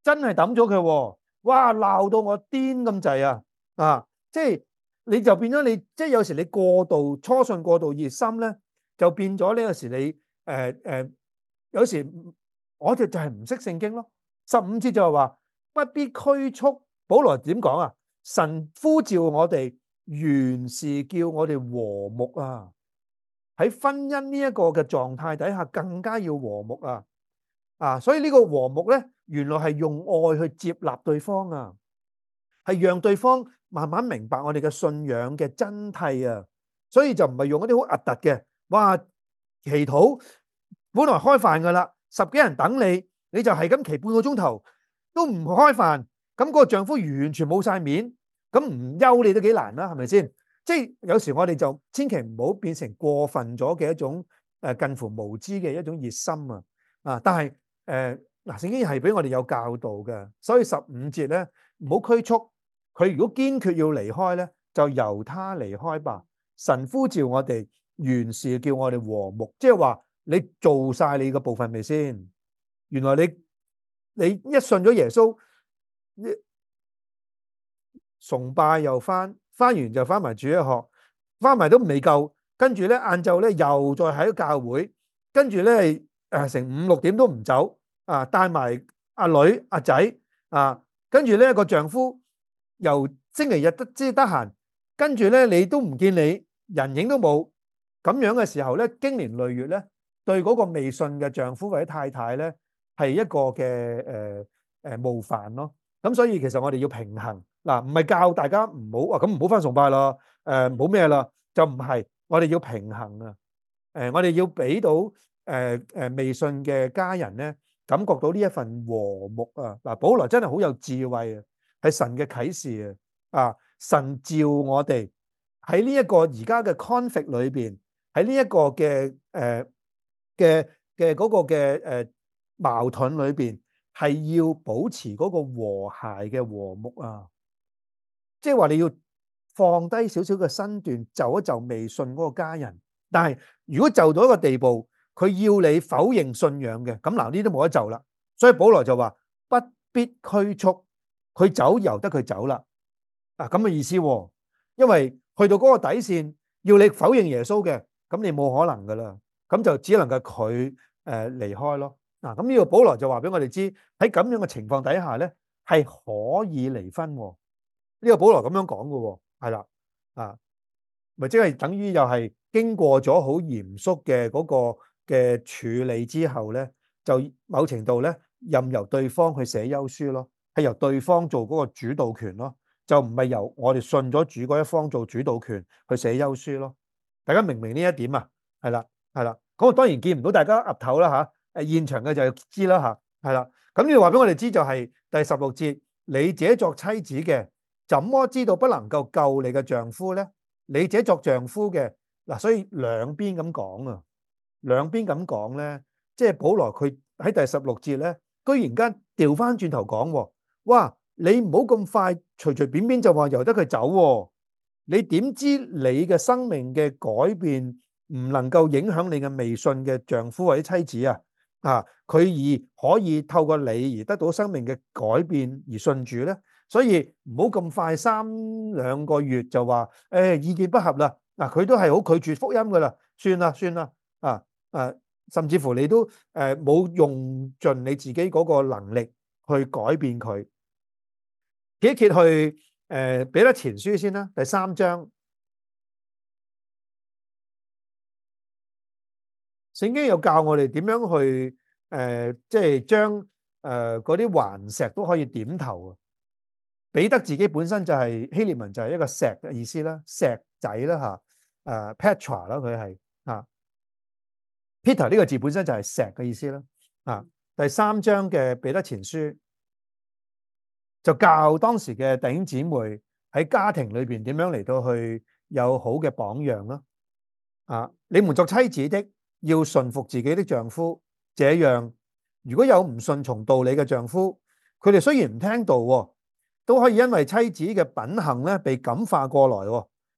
真係抌咗佢，哇！鬧到我癲咁滯啊！啊，即係你就變咗你，即係有時你過度初信過度熱心咧，就變咗呢有時你。誒誒、呃呃，有時我哋就係唔識聖經咯。十五節就係話不必拘束，保羅點講啊？神呼召我哋，原是叫我哋和睦啊！喺婚姻呢一個嘅狀態底下，更加要和睦啊！啊，所以呢個和睦咧，原來係用愛去接納對方啊，係讓對方慢慢明白我哋嘅信仰嘅真諦啊！所以就唔係用一啲好核突嘅，哇！祈禱本來開飯噶啦，十幾人等你，你就係咁祈半個鐘頭都唔開飯，咁、那、嗰個丈夫完全冇晒面，咁唔憂你都幾難啦，係咪先？即係有時我哋就千祈唔好變成過分咗嘅一種誒，近乎無知嘅一種熱心啊！啊，但係誒，嗱，聖經係俾我哋有教導嘅，所以十五節咧，唔好拘束佢，他如果堅決要離開咧，就由他離開吧。神呼召我哋。原是叫我哋和睦，即係話你做晒你個部分未先？原來你你一信咗耶穌，崇拜又翻翻完就翻埋主一學，翻埋都未夠，跟住咧晏晝咧又再喺教會，跟住咧誒成五六點都唔走，呃、帶啊帶埋阿女阿、啊、仔啊，跟住咧個丈夫由星期日得之得閒，跟住咧你都唔見你人影都冇。咁樣嘅時候咧，經年累月咧，對嗰個未信嘅丈夫或者太太咧，係一個嘅誒誒冒犯咯。咁所以其實我哋要平衡，嗱，唔係教大家唔好啊，咁唔好返崇拜咯，誒唔好咩啦，就唔係，我哋要平衡啊，誒我哋要俾到誒誒未信嘅家人咧，感覺到呢一份和睦啊。嗱，保羅真係好有智慧啊，係神嘅啟示啊，啊神照我哋喺呢一個而家嘅 conflict 裏邊。喺呢一個嘅誒嘅嘅嗰個嘅誒矛盾裏邊，係要保持嗰個和諧嘅和睦啊！即係話你要放低少少嘅身段，就一就未信嗰個家人。但係如果就到一個地步，佢要你否認信仰嘅，咁嗱呢都冇得就啦。所以保羅就話不必拘束佢走，由得佢走啦、啊。啊咁嘅意思喎、哦，因為去到嗰個底線，要你否認耶穌嘅。咁你冇可能噶啦，咁就只能夠佢誒離開咯。嗱，咁呢個保羅就話俾我哋知，喺咁樣嘅情況底下咧，係可以離婚。呢個保羅咁樣講嘅，係啦，啊，咪即係等於又係經過咗好嚴肅嘅嗰個嘅處理之後咧，就某程度咧任由對方去寫休書咯，係由對方做嗰個主導權咯，就唔係由我哋信咗主嗰一方做主導權去寫休書咯。大家明唔明呢一點啊？係啦，係啦。咁我當然見唔到大家岌頭啦吓，誒、啊、現場嘅就係知啦吓，係、啊、啦。咁你話俾我哋知就係第十六節，你自己作妻子嘅，怎麼知道不能夠救你嘅丈夫咧？你自己作丈夫嘅嗱、啊，所以兩邊咁講啊，兩邊咁講咧，即係保羅佢喺第十六節咧，居然間調翻轉頭講，哇！你唔好咁快隨隨便便就話由得佢走喎、啊。你點知你嘅生命嘅改變唔能夠影響你嘅未信嘅丈夫或者妻子啊？啊，佢而可以透過你而得到生命嘅改變而信主咧？所以唔好咁快三兩個月就話誒、哎、意見不合啦。嗱、啊，佢都係好拒絕福音噶啦，算啦算啦啊啊，甚至乎你都誒冇、呃、用盡你自己嗰個能力去改變佢，幾揭去。誒，彼得前書先啦，第三章，聖經有教我哋點樣去誒，即、呃、係、就是、將誒嗰啲環石都可以點頭啊！彼得自己本身就係希利文就係一個石嘅意思啦，石仔啦吓，誒、啊、Petra 啦佢係、啊、Peter 呢個字本身就係石嘅意思啦，啊，第三章嘅彼得前書。就教當時嘅弟兄姊妹喺家庭裏邊點樣嚟，到去有好嘅榜樣咯啊！你們作妻子的要順服自己的丈夫，這樣，如果有唔順從道理嘅丈夫，佢哋雖然唔聽道，都可以因為妻子嘅品行咧，被感化過來。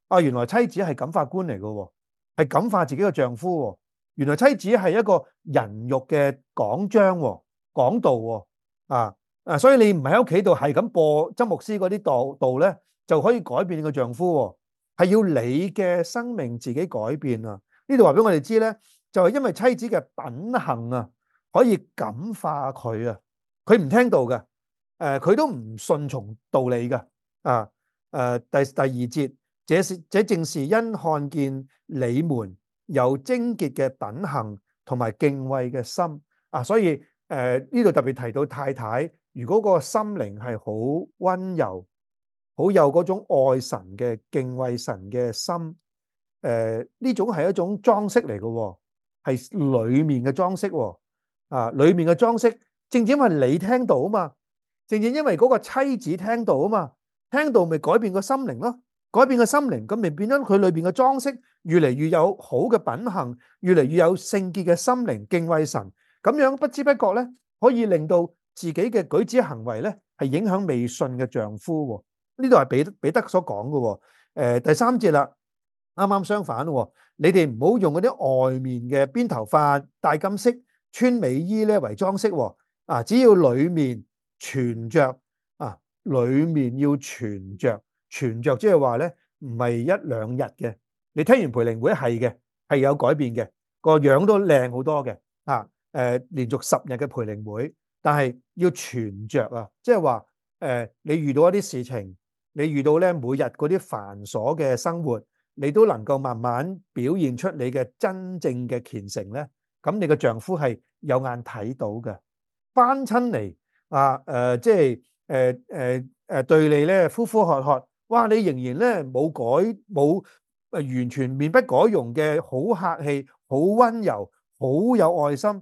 啊，原來妻子係感化官嚟嘅，係感化自己嘅丈夫。原來妻子係一個人肉嘅講章講道啊！啊！所以你唔喺屋企度係咁播曾牧師嗰啲道道咧，就可以改變你個丈夫喎。係要你嘅生命自己改變啊！呢度話俾我哋知咧，就係因為妻子嘅品行啊，可以感化佢啊。佢唔聽道嘅，誒，佢都唔順從道理嘅。啊，誒，第第二節，這是這正是因看見你們有貞潔嘅品行同埋敬畏嘅心啊，所以誒呢度特別提到太太。如果個心靈係好溫柔，好有嗰種愛神嘅敬畏神嘅心，誒、呃、呢種係一種裝飾嚟嘅喎，係裏面嘅裝飾喎，啊裏面嘅裝飾，正正因為你聽到啊嘛，正正因為嗰個妻子聽到啊嘛，聽到咪改變個心靈咯，改變個心靈咁咪變咗佢裏邊嘅裝飾越嚟越有好嘅品行，越嚟越有聖潔嘅心靈敬畏神，咁樣不知不覺咧可以令到。自己嘅舉止行為咧，係影響未信嘅丈夫喎。呢度係彼彼得所講嘅喎。第三節啦，啱啱相反喎。你哋唔好用嗰啲外面嘅辮頭髮、戴金飾、穿美衣咧為裝飾喎。啊，只要裡面存着，啊，裡面要存着，存着即係話咧唔係一兩日嘅。你聽完培靈會係嘅，係有改變嘅，個樣都靚好多嘅。啊誒，連續十日嘅培靈會。但係要存着啊，即係話誒，你遇到一啲事情，你遇到咧每日嗰啲繁瑣嘅生活，你都能夠慢慢表現出你嘅真正嘅虔誠咧。咁你嘅丈夫係有眼睇到嘅，翻親嚟啊誒、呃，即係誒誒誒對你咧呼呼喝喝，哇！你仍然咧冇改冇誒完全面不改容嘅好客氣、好溫柔、好有愛心。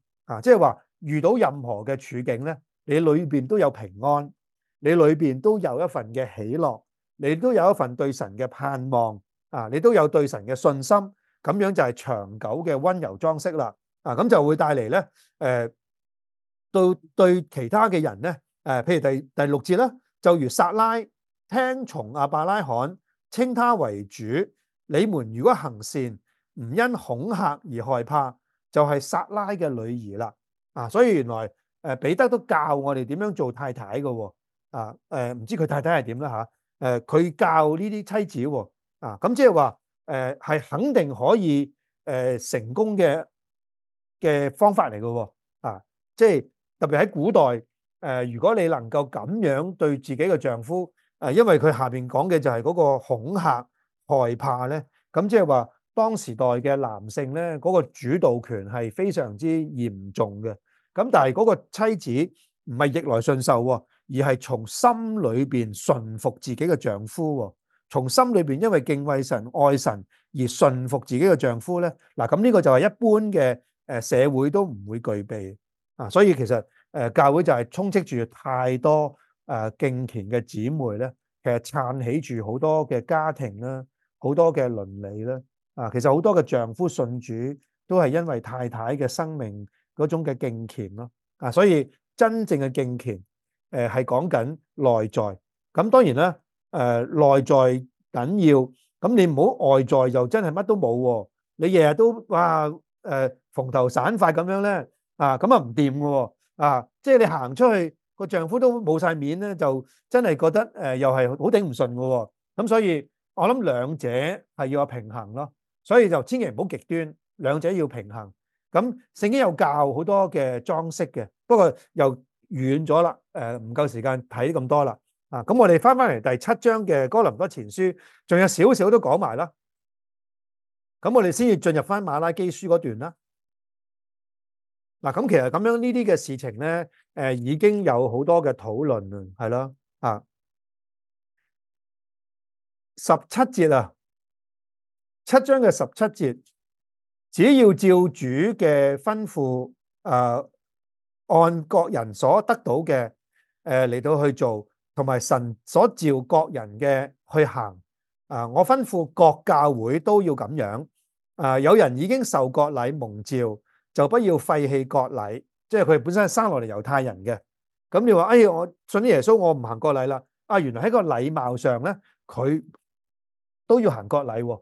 啊！即係話遇到任何嘅處境咧，你裏面都有平安，你裏面都有一份嘅喜樂，你都有一份對神嘅盼望啊！你都有對神嘅信心，咁樣就係長久嘅温柔裝飾啦！啊，咁就會帶嚟咧，誒，對對其他嘅人咧、啊，譬如第第六節啦，就如撒拉聽從阿伯拉罕稱他為主，你們如果行善，唔因恐嚇而害怕。就係撒拉嘅女兒啦，啊，所以原來誒彼得都教我哋點樣做太太嘅喎，啊誒，唔知佢太太係點啦嚇，誒佢教呢啲妻子喎，啊咁即係話誒係肯定可以誒成功嘅嘅方法嚟嘅喎，啊即係特別喺古代誒，如果你能夠咁樣對自己嘅丈夫，誒因為佢下邊講嘅就係嗰個恐嚇害怕咧，咁即係話。當時代嘅男性咧，嗰個主導權係非常之嚴重嘅。咁但係嗰個妻子唔係逆來順受，而係從心裏邊順服自己嘅丈夫。從心裏邊因為敬畏神、愛神而順服自己嘅丈夫咧。嗱，咁呢個就係一般嘅誒社會都唔會具備啊。所以其實誒教會就係充斥住太多誒敬虔嘅姊妹咧，其實撐起住好多嘅家庭啦，好多嘅倫理啦。啊，其實好多嘅丈夫信主都係因為太太嘅生命嗰種嘅敬虔咯。啊，所以真正嘅敬虔，誒係講緊內在。咁當然啦，誒內在緊要。咁你唔好外在又真係乜都冇，你日日都哇誒逢頭散發咁樣咧，啊咁啊唔掂嘅喎。啊，即係你行出去個丈夫都冇晒面咧，就真係覺得誒又係好頂唔順嘅喎。咁所以我諗兩者係要有平衡咯。所以就千祈唔好極端，兩者要平衡。咁聖經又教好多嘅裝飾嘅，不過又遠咗啦，誒、呃、唔夠時間睇咁多啦。啊，咁我哋翻翻嚟第七章嘅哥林多前書，仲有少少都講埋啦。咁我哋先至進入翻馬拉基書嗰段啦。嗱、啊，咁其實咁樣呢啲嘅事情咧，誒、呃、已經有好多嘅討論係咯。啊，十七節啊。七章嘅十七節，只要照主嘅吩咐，誒、呃，按各人所得到嘅，誒、呃、嚟到去做，同埋神所召各人嘅去行。啊、呃，我吩咐各教會都要咁樣。啊、呃，有人已經受割禮蒙召，就不要廢棄割禮。即係佢本身係生落嚟猶太人嘅，咁你話，哎，我信耶穌，我唔行割禮啦。啊，原來喺個禮貌上咧，佢都要行割禮，哦。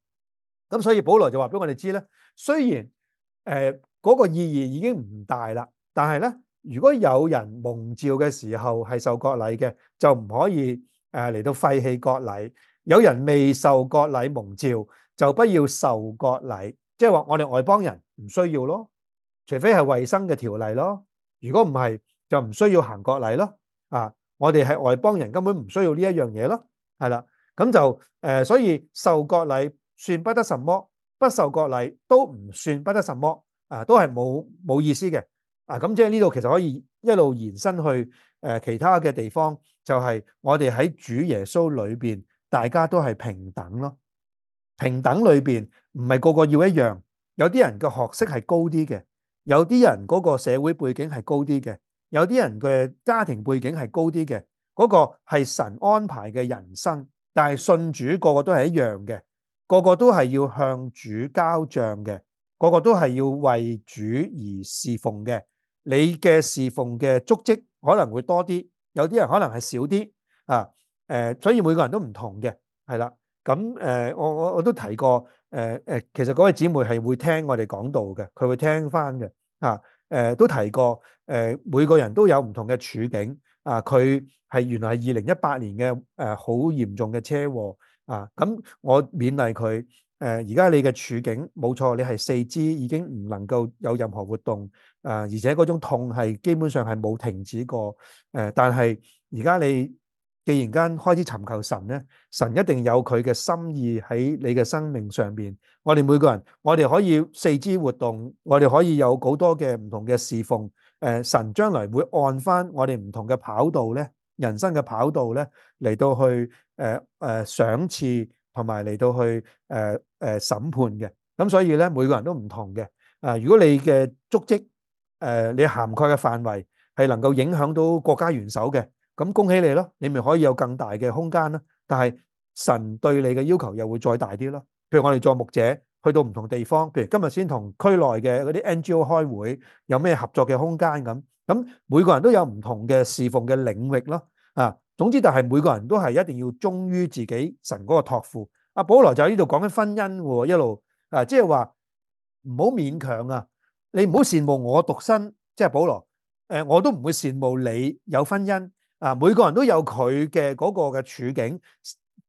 咁所以保羅就話俾我哋知咧，雖然誒嗰個意義已經唔大啦，但係咧，如果有人蒙召嘅時候係受割禮嘅，就唔可以誒嚟到廢棄割禮；有人未受割禮蒙召，就不要受割禮。即係話我哋外邦人唔需要咯，除非係衛生嘅條例咯。如果唔係，就唔需要行割禮咯。啊，我哋係外邦人，根本唔需要呢一樣嘢咯。係啦，咁就誒，所以受割禮。算不得什麼，不受割禮都唔算不得什麼，啊，都係冇冇意思嘅。啊，咁即係呢度其實可以一路延伸去誒、呃、其他嘅地方，就係、是、我哋喺主耶穌裏邊，大家都係平等咯。平等裏邊唔係個個要一樣，有啲人嘅學識係高啲嘅，有啲人嗰個社會背景係高啲嘅，有啲人嘅家庭背景係高啲嘅，嗰、那個係神安排嘅人生，但係信主個個都係一樣嘅。個個都係要向主交賬嘅，個個都係要為主而侍奉嘅。你嘅侍奉嘅足跡可能會多啲，有啲人可能係少啲啊。誒、呃，所以每個人都唔同嘅，係啦。咁誒、呃，我我我都提過，誒、呃、誒，其實嗰位姊妹係會聽我哋講道嘅，佢會聽翻嘅。啊，誒、呃，都提過，誒、呃，每個人都有唔同嘅處境。啊，佢係原來係二零一八年嘅誒，好、啊、嚴重嘅車禍。啊！咁我勉勵佢，誒而家你嘅處境冇錯，你係四肢已經唔能夠有任何活動，呃、而且嗰種痛係基本上係冇停止過，呃、但係而家你既然間開始尋求神呢，神一定有佢嘅心意喺你嘅生命上面。我哋每個人，我哋可以四肢活動，我哋可以有好多嘅唔同嘅侍奉，呃、神將來會按翻我哋唔同嘅跑道呢。人生嘅跑道咧，嚟到去誒誒賞賜，同埋嚟到去誒誒審判嘅。咁所以咧，每個人都唔同嘅。啊，如果你嘅足跡誒，你涵蓋嘅範圍係能夠影響到國家元首嘅，咁恭喜你咯，你咪可以有更大嘅空間咯。但係神對你嘅要求又會再大啲咯。譬如我哋作牧者去到唔同地方，譬如今日先同區內嘅嗰啲 NGO 開會，有咩合作嘅空間咁。咁每個人都有唔同嘅侍奉嘅領域咯。啊，總之，就係每個人都係一定要忠於自己神嗰個託付。阿、啊、保羅就喺呢度講緊婚姻，一路啊，啊，即係話唔好勉強啊，你唔好羨慕我獨身，即係保羅，誒、呃，我都唔會羨慕你有婚姻。啊，每個人都有佢嘅嗰個嘅處境，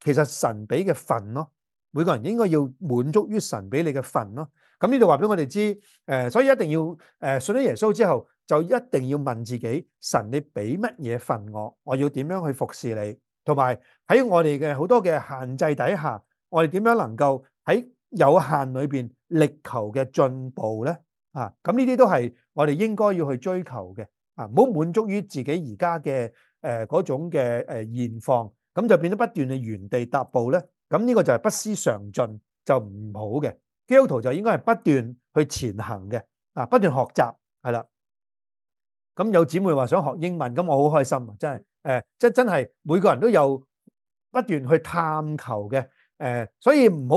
其實神俾嘅份咯、啊，每個人應該要滿足於神俾你嘅份咯。咁呢度話俾我哋知，誒、呃，所以一定要誒、呃、信咗耶穌之後。就一定要問自己：神，你俾乜嘢份我？我要點樣去服侍你？同埋喺我哋嘅好多嘅限制底下，我哋點樣能夠喺有限裏邊力求嘅進步呢？啊，咁呢啲都係我哋應該要去追求嘅啊！唔好滿足於自己而家嘅誒嗰種嘅誒現況，咁就變得不斷嘅原地踏步呢。咁呢個就係不思長進就唔好嘅。基督徒就應該係不斷去前行嘅啊！不斷學習係啦。咁有姊妹話想學英文，咁我好開心啊！真係，誒，即係真係，每個人都有不斷去探求嘅，誒，所以唔好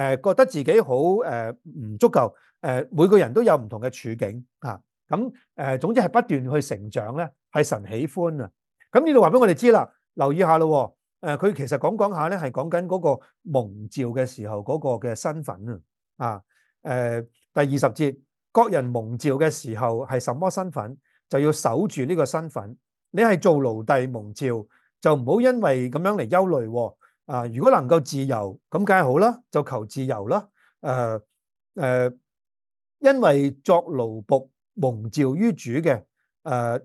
誒覺得自己好誒唔足夠，誒，每個人都有唔同嘅處境啊，咁誒，總之係不斷去成長咧，係神喜歡啊！咁呢度話俾我哋知啦，留意下咯，誒，佢其實講講下咧，係講緊嗰個蒙召嘅時候嗰個嘅身份啊，誒，第二十節，各人蒙召嘅時候係什麼身份？就要守住呢個身份，你係做奴隸蒙召，就唔好因為咁樣嚟憂慮喎。啊，如果能夠自由，咁梗係好啦，就求自由啦。誒誒，因為作奴僕蒙召於主嘅，誒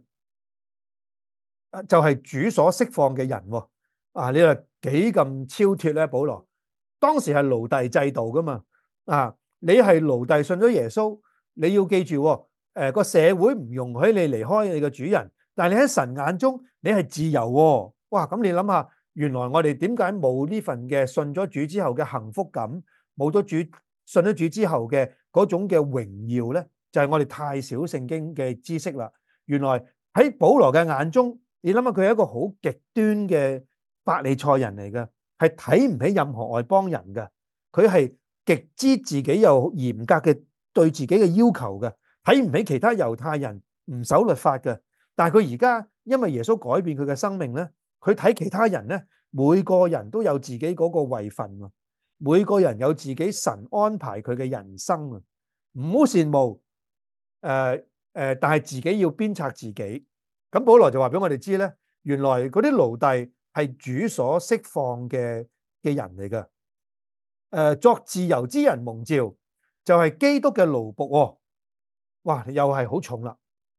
誒，就係主所釋放嘅人喎。啊，你話幾咁超脱咧？保羅當時係奴隸制度㗎嘛？啊，你係奴隸信咗耶穌，你要記住。誒個社會唔容許你離開你嘅主人，但係你喺神眼中，你係自由喎！哇！咁你諗下，原來我哋點解冇呢份嘅信咗主之後嘅幸福感，冇咗主信咗主之後嘅嗰種嘅榮耀呢？就係我哋太少聖經嘅知識啦！原來喺保羅嘅眼中，你諗下佢係一個好極端嘅法利賽人嚟嘅，係睇唔起任何外邦人嘅，佢係極之自己有嚴格嘅對自己嘅要求嘅。睇唔起其他猶太人唔守律法嘅，但係佢而家因為耶穌改變佢嘅生命咧，佢睇其他人咧，每個人都有自己嗰個位份喎，每個人有自己神安排佢嘅人生啊，唔好羨慕，誒、呃、誒、呃，但係自己要鞭策自己。咁保羅就話俾我哋知咧，原來嗰啲奴隸係主所釋放嘅嘅人嚟嘅，誒、呃、作自由之人蒙召，就係、是、基督嘅奴僕喎。哇！又係好重啦，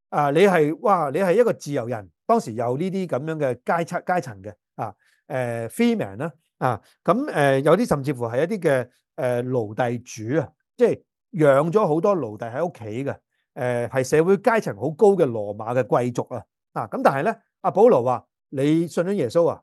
啊！你係哇！你係一個自由人，當時有呢啲咁樣嘅階層階層嘅啊，誒 free man 啦，啊，咁誒有啲甚至乎係一啲嘅誒奴隸主啊，即係養咗好多奴隸喺屋企嘅，誒、啊、係社會階層好高嘅羅馬嘅貴族啊，啊咁但係咧，阿保羅話：你信咗耶穌啊，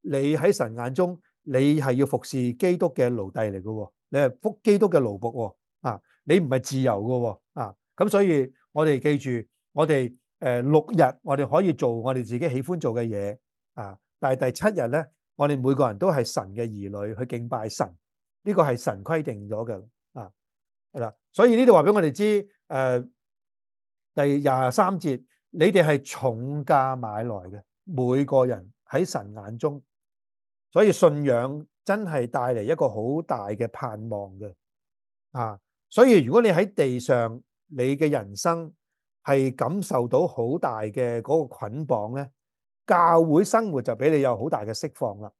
你喺神眼中你係要服侍基督嘅奴隸嚟嘅喎，你、啊、係服基督嘅奴僕喎，啊，你唔係自由嘅喎，啊！咁所以我哋記住，我哋誒六日我哋可以做我哋自己喜歡做嘅嘢啊，但係第七日咧，我哋每個人都係神嘅兒女去敬拜神，呢個係神規定咗嘅啊，係啦。所以呢度話俾我哋知，誒，第廿三節，你哋係重價買來嘅，每個人喺神眼中，所以信仰真係帶嚟一個好大嘅盼望嘅啊。所以如果你喺地上，你嘅人生係感受到好大嘅嗰個捆綁咧，教會生活就俾你有好大嘅釋放啦。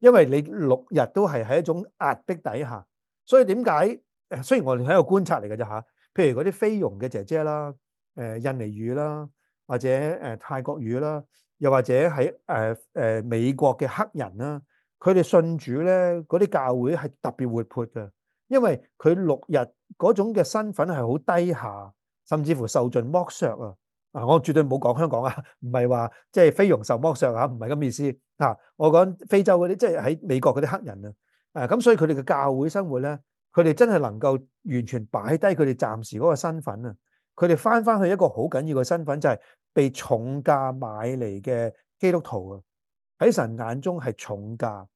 因為你六日都係喺一種壓迫底下，所以點解？誒，雖然我哋喺度觀察嚟嘅啫嚇。譬如嗰啲菲傭嘅姐姐啦，誒印尼語啦，或者誒泰國語啦，又或者喺誒誒美國嘅黑人啦，佢哋信主咧，嗰啲教會係特別活潑嘅，因為佢六日。嗰種嘅身份係好低下，甚至乎受盡剝削啊！啊，我絕對唔好講香港啊，唔係話即係菲傭受剝削啊。唔係咁意思啊！我講非洲嗰啲，即係喺美國嗰啲黑人啊！啊，咁所以佢哋嘅教會生活咧，佢哋真係能夠完全擺低佢哋暫時嗰個身份啊！佢哋翻翻去一個好緊要嘅身份，就係、是、被重價買嚟嘅基督徒啊！喺神眼中係重價，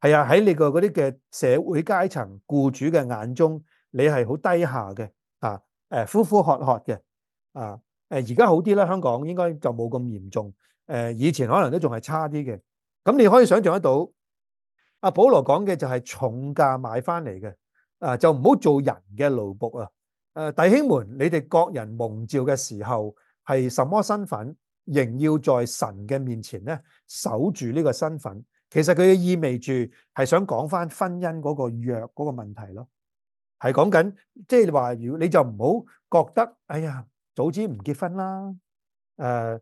係啊！喺你個嗰啲嘅社會階層僱主嘅眼中。你係好低下嘅啊，誒、啊、呼呼喝喝嘅啊，誒而家好啲啦，香港應該就冇咁嚴重。誒、啊、以前可能都仲係差啲嘅，咁你可以想象得到。阿、啊、保羅講嘅就係重價買翻嚟嘅啊，就唔好做人嘅奴僕。啊。誒弟兄們，你哋各人蒙召嘅時候係什麼身份，仍要在神嘅面前呢？守住呢個身份，其實佢嘅意味住係想講翻婚姻嗰個約嗰個問題咯。係講緊，即係話，如、就是、你就唔好覺得，哎呀，早知唔結婚啦，誒、呃、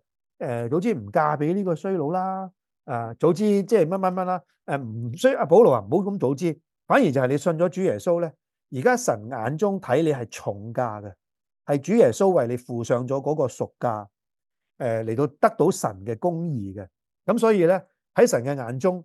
誒，早知唔嫁俾呢個衰佬啦，啊，早知即係乜乜乜啦，誒唔衰阿保羅啊，唔好咁早知，反而就係你信咗主耶穌咧，而家神眼中睇你係重價嘅，係主耶穌為你付上咗嗰個贖價，誒嚟到得到神嘅公義嘅，咁所以咧喺神嘅眼中，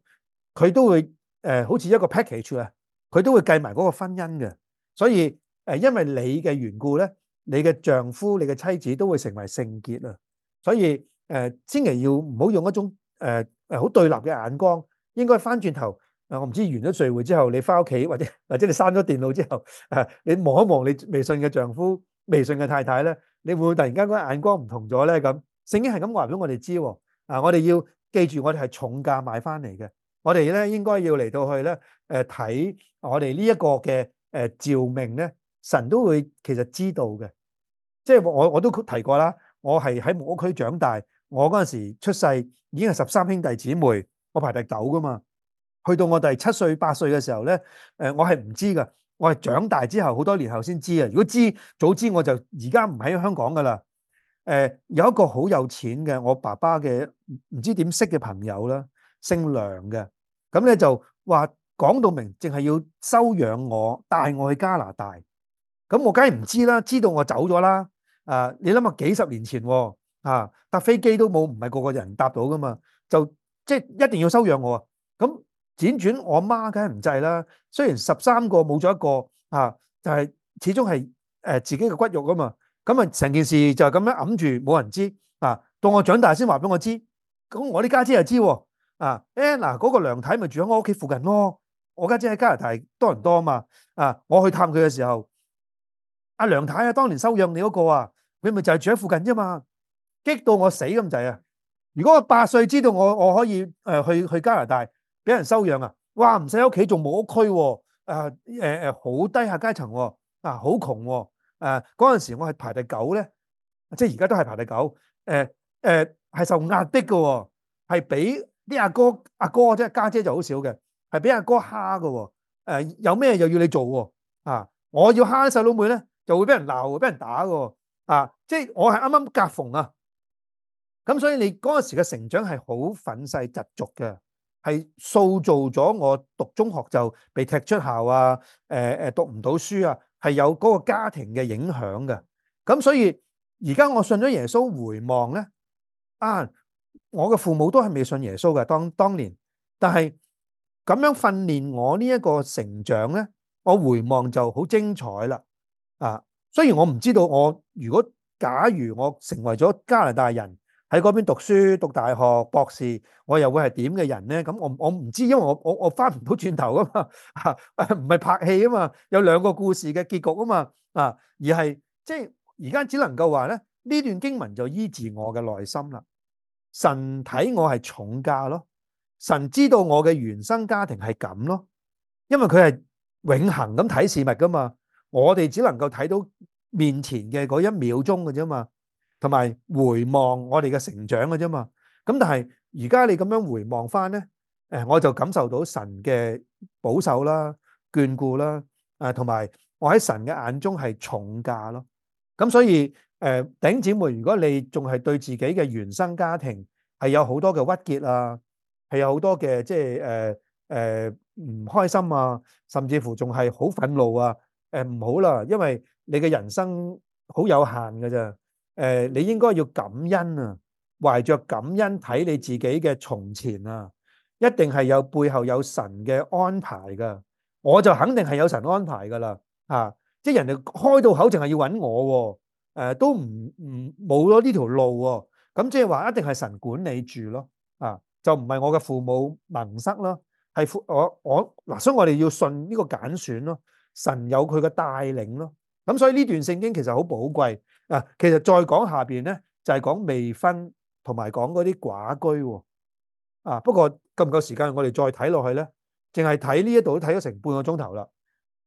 佢都會誒、呃、好似一個 package 啊，佢都會計埋嗰個婚姻嘅。所以誒，因為你嘅緣故咧，你嘅丈夫、你嘅妻子都會成為聖潔啊！所以誒，千祈要唔好用一種誒誒好對立嘅眼光，應該翻轉頭啊！我唔知完咗聚會之後，你翻屋企或者或者你閂咗電腦之後，誒，你望一望你微信嘅丈夫、微信嘅太太咧，你會唔會突然間嗰個眼光唔同咗咧？咁聖經係咁話俾我哋知，啊，我哋要記住我哋係重價買翻嚟嘅，我哋咧應該要嚟到去咧誒睇我哋呢一個嘅。誒，趙明咧，神都會其實知道嘅，即係我我都提過啦。我係喺木屋區長大，我嗰陣時出世已經係十三兄弟姊妹，我排第九噶嘛。去到我哋七歲八歲嘅時候咧，呃，我係唔知噶，我係長大之後好多年後先知啊。如果知早知我就而家唔喺香港噶啦，呃。有一個好有錢嘅我爸爸嘅唔知點識嘅朋友啦，姓梁嘅，咁咧就話。講到明，淨係要收養我，帶我去加拿大，咁我梗係唔知啦。知道我走咗啦。誒、啊，你諗下幾十年前喎，啊，搭飛機都冇，唔係個個人搭到噶嘛。就即係一定要收養我啊。咁輾轉，轉轉我媽梗係唔制啦。雖然十三個冇咗一個，啊，就係、是、始終係誒自己嘅骨肉啊嘛。咁啊，成件事就係咁樣揞住，冇人知啊。到我長大先話俾我，那我姐姐知。咁我啲家姐又知喎。啊，Anna，嗰個梁太咪住喺我屋企附近咯。我家姐喺加拿大多人多嘛啊！我去探佢嘅時候，阿梁太啊，當年收養你嗰、那個啊，佢咪就係住喺附近啫嘛，激到我死咁滯啊！如果我八歲知道我我可以誒去去加拿大俾人收養啊，哇！唔使喺屋企仲冇屋區誒誒誒，好、呃呃呃、低下階層啊，好、呃、窮誒！嗰、呃、陣時我係排第九咧，即係而家都係排第九誒誒，係、呃呃、受壓迫嘅，係俾啲阿哥阿哥啫，家姐，姐就好少嘅。係俾阿哥蝦嘅喎，誒有咩又要你做喎？啊，我要蝦細佬妹咧，就會俾人鬧，俾人打嘅。啊，即係我係啱啱夾縫啊，咁所以你嗰陣時嘅成長係好憤世嫉俗嘅，係塑造咗我讀中學就被踢出校啊，誒誒讀唔到書啊，係有嗰個家庭嘅影響嘅。咁所以而家我信咗耶穌回望咧，啊，我嘅父母都係未信耶穌嘅，當當年，但係。咁樣訓練我呢一個成長咧，我回望就好精彩啦。啊，雖然我唔知道我如果假如我成為咗加拿大人喺嗰邊讀書讀大學博士，我又會係點嘅人咧？咁，嗯，我我唔知道，因為我我我翻唔到轉頭啊嘛，唔係拍戲啊嘛，有兩個故事嘅結局啊嘛。啊，而係即係而家只能夠話咧，呢段經文就醫治我嘅內心啦。神睇我係重價咯。神知道我嘅原生家庭係咁咯，因為佢係永恆咁睇事物噶嘛，我哋只能夠睇到面前嘅嗰一秒鐘嘅啫嘛，同埋回望我哋嘅成長嘅啫嘛。咁但係而家你咁樣回望翻咧，誒，我就感受到神嘅保守啦、眷顧啦，誒，同埋我喺神嘅眼中係重價咯。咁所以誒，頂姊妹，如果你仲係對自己嘅原生家庭係有好多嘅鬱結啊～係有好多嘅，即係誒誒唔開心啊，甚至乎仲係好憤怒啊！誒、呃、唔好啦，因為你嘅人生好有限㗎咋，誒、呃，你應該要感恩啊，懷着感恩睇你自己嘅從前啊，一定係有背後有神嘅安排㗎。我就肯定係有神安排㗎啦，嚇、啊！即係人哋開到口只、啊，淨係要揾我喎，都唔唔冇咗呢條路喎、啊。咁、嗯、即係話，一定係神管理住咯。就唔係我嘅父母盟塞啦，係父我我嗱，所以我哋要信呢個揀選咯，神有佢嘅帶領咯。咁所以呢段聖經其實好寶貴啊。其實再講下邊咧，就係講未婚同埋講嗰啲寡居喎。啊，不過夠唔夠時間？我哋再睇落去咧，淨係睇呢一度都睇咗成半個鐘頭啦。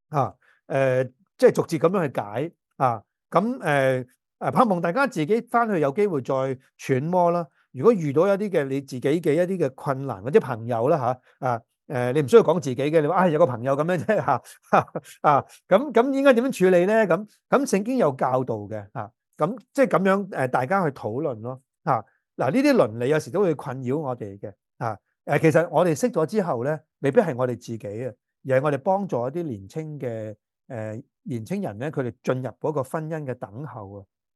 啊，誒，即係逐節咁樣去解啊。咁誒誒，盼望大家自己返去有機會再揣摩啦。如果遇到一啲嘅你自己嘅一啲嘅困難或者朋友啦，嚇啊，誒，你唔需要講自己嘅，你話啊有個朋友咁 樣啫，嚇啊，咁咁應該點樣處理咧？咁咁聖經有教導嘅，嚇，咁即係咁樣誒，大家去討論咯嚇嗱。呢啲倫理有時都會困擾我哋嘅嚇誒。其實我哋識咗之後咧，未必係我哋自己啊，而係我哋幫助一啲年青嘅誒年青人咧，佢哋進入嗰個婚姻嘅等候啊。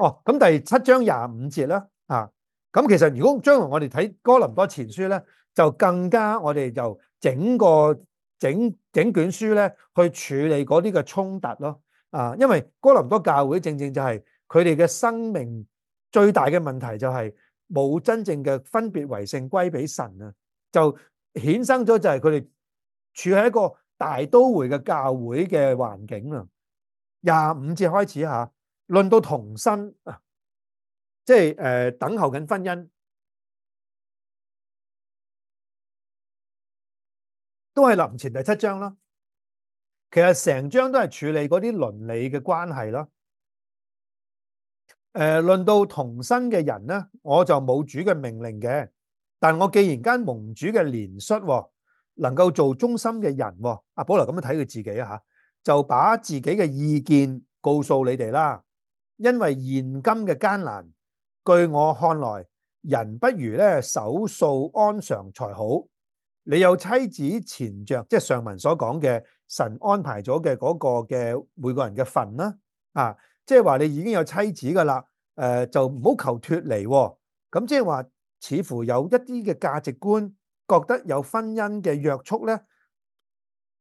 哦，咁第七章廿五節啦，啊，咁其實如果將來我哋睇哥林多前書咧，就更加我哋就整個整整卷書咧去處理嗰啲嘅衝突咯，啊，因為哥林多教會正正就係佢哋嘅生命最大嘅問題就係冇真正嘅分別為聖歸俾神啊，就衍生咗就係佢哋處喺一個大都會嘅教會嘅環境啊，廿五節開始嚇、啊。論到童身啊，即係誒、呃，等候緊婚姻，都係林前第七章啦。其實成章都係處理嗰啲倫理嘅關係咯。誒、呃，論到童身嘅人咧，我就冇主嘅命令嘅，但我既然間蒙主嘅憐恤，能夠做忠心嘅人，阿、啊、保羅咁樣睇佢自己啊吓，就把自己嘅意見告訴你哋啦。因為現今嘅艱難，據我看來，人不如咧守素安常才好。你有妻子纏着，即係上文所講嘅神安排咗嘅嗰個嘅每個人嘅份啦。啊，即係話你已經有妻子噶啦，誒、呃、就唔好求脫離。咁、啊、即係話，似乎有一啲嘅價值觀，覺得有婚姻嘅約束咧，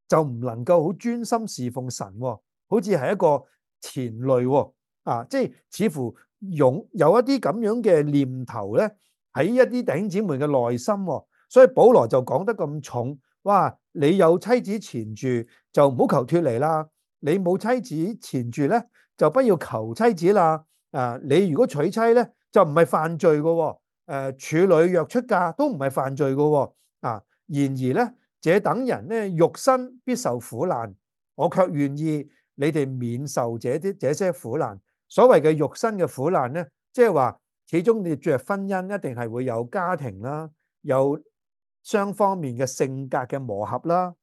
就唔能夠好專心侍奉神，啊、好似係一個前累。啊啊！即係似乎擁有,有一啲咁樣嘅念頭咧，喺一啲弟兄姊妹嘅內心、哦，所以保羅就講得咁重。哇！你有妻子纏住就唔好求脱離啦，你冇妻子纏住咧就不要求妻子啦。啊！你如果娶妻咧就唔係犯罪嘅、哦，誒、啊、處女若出嫁都唔係犯罪嘅、哦。啊！然而咧，這等人咧肉身必受苦難，我卻願意你哋免受這啲這些苦難。所謂嘅肉身嘅苦難咧，即係話始終你着婚姻一定係會有家庭啦，有雙方面嘅性格嘅磨合啦，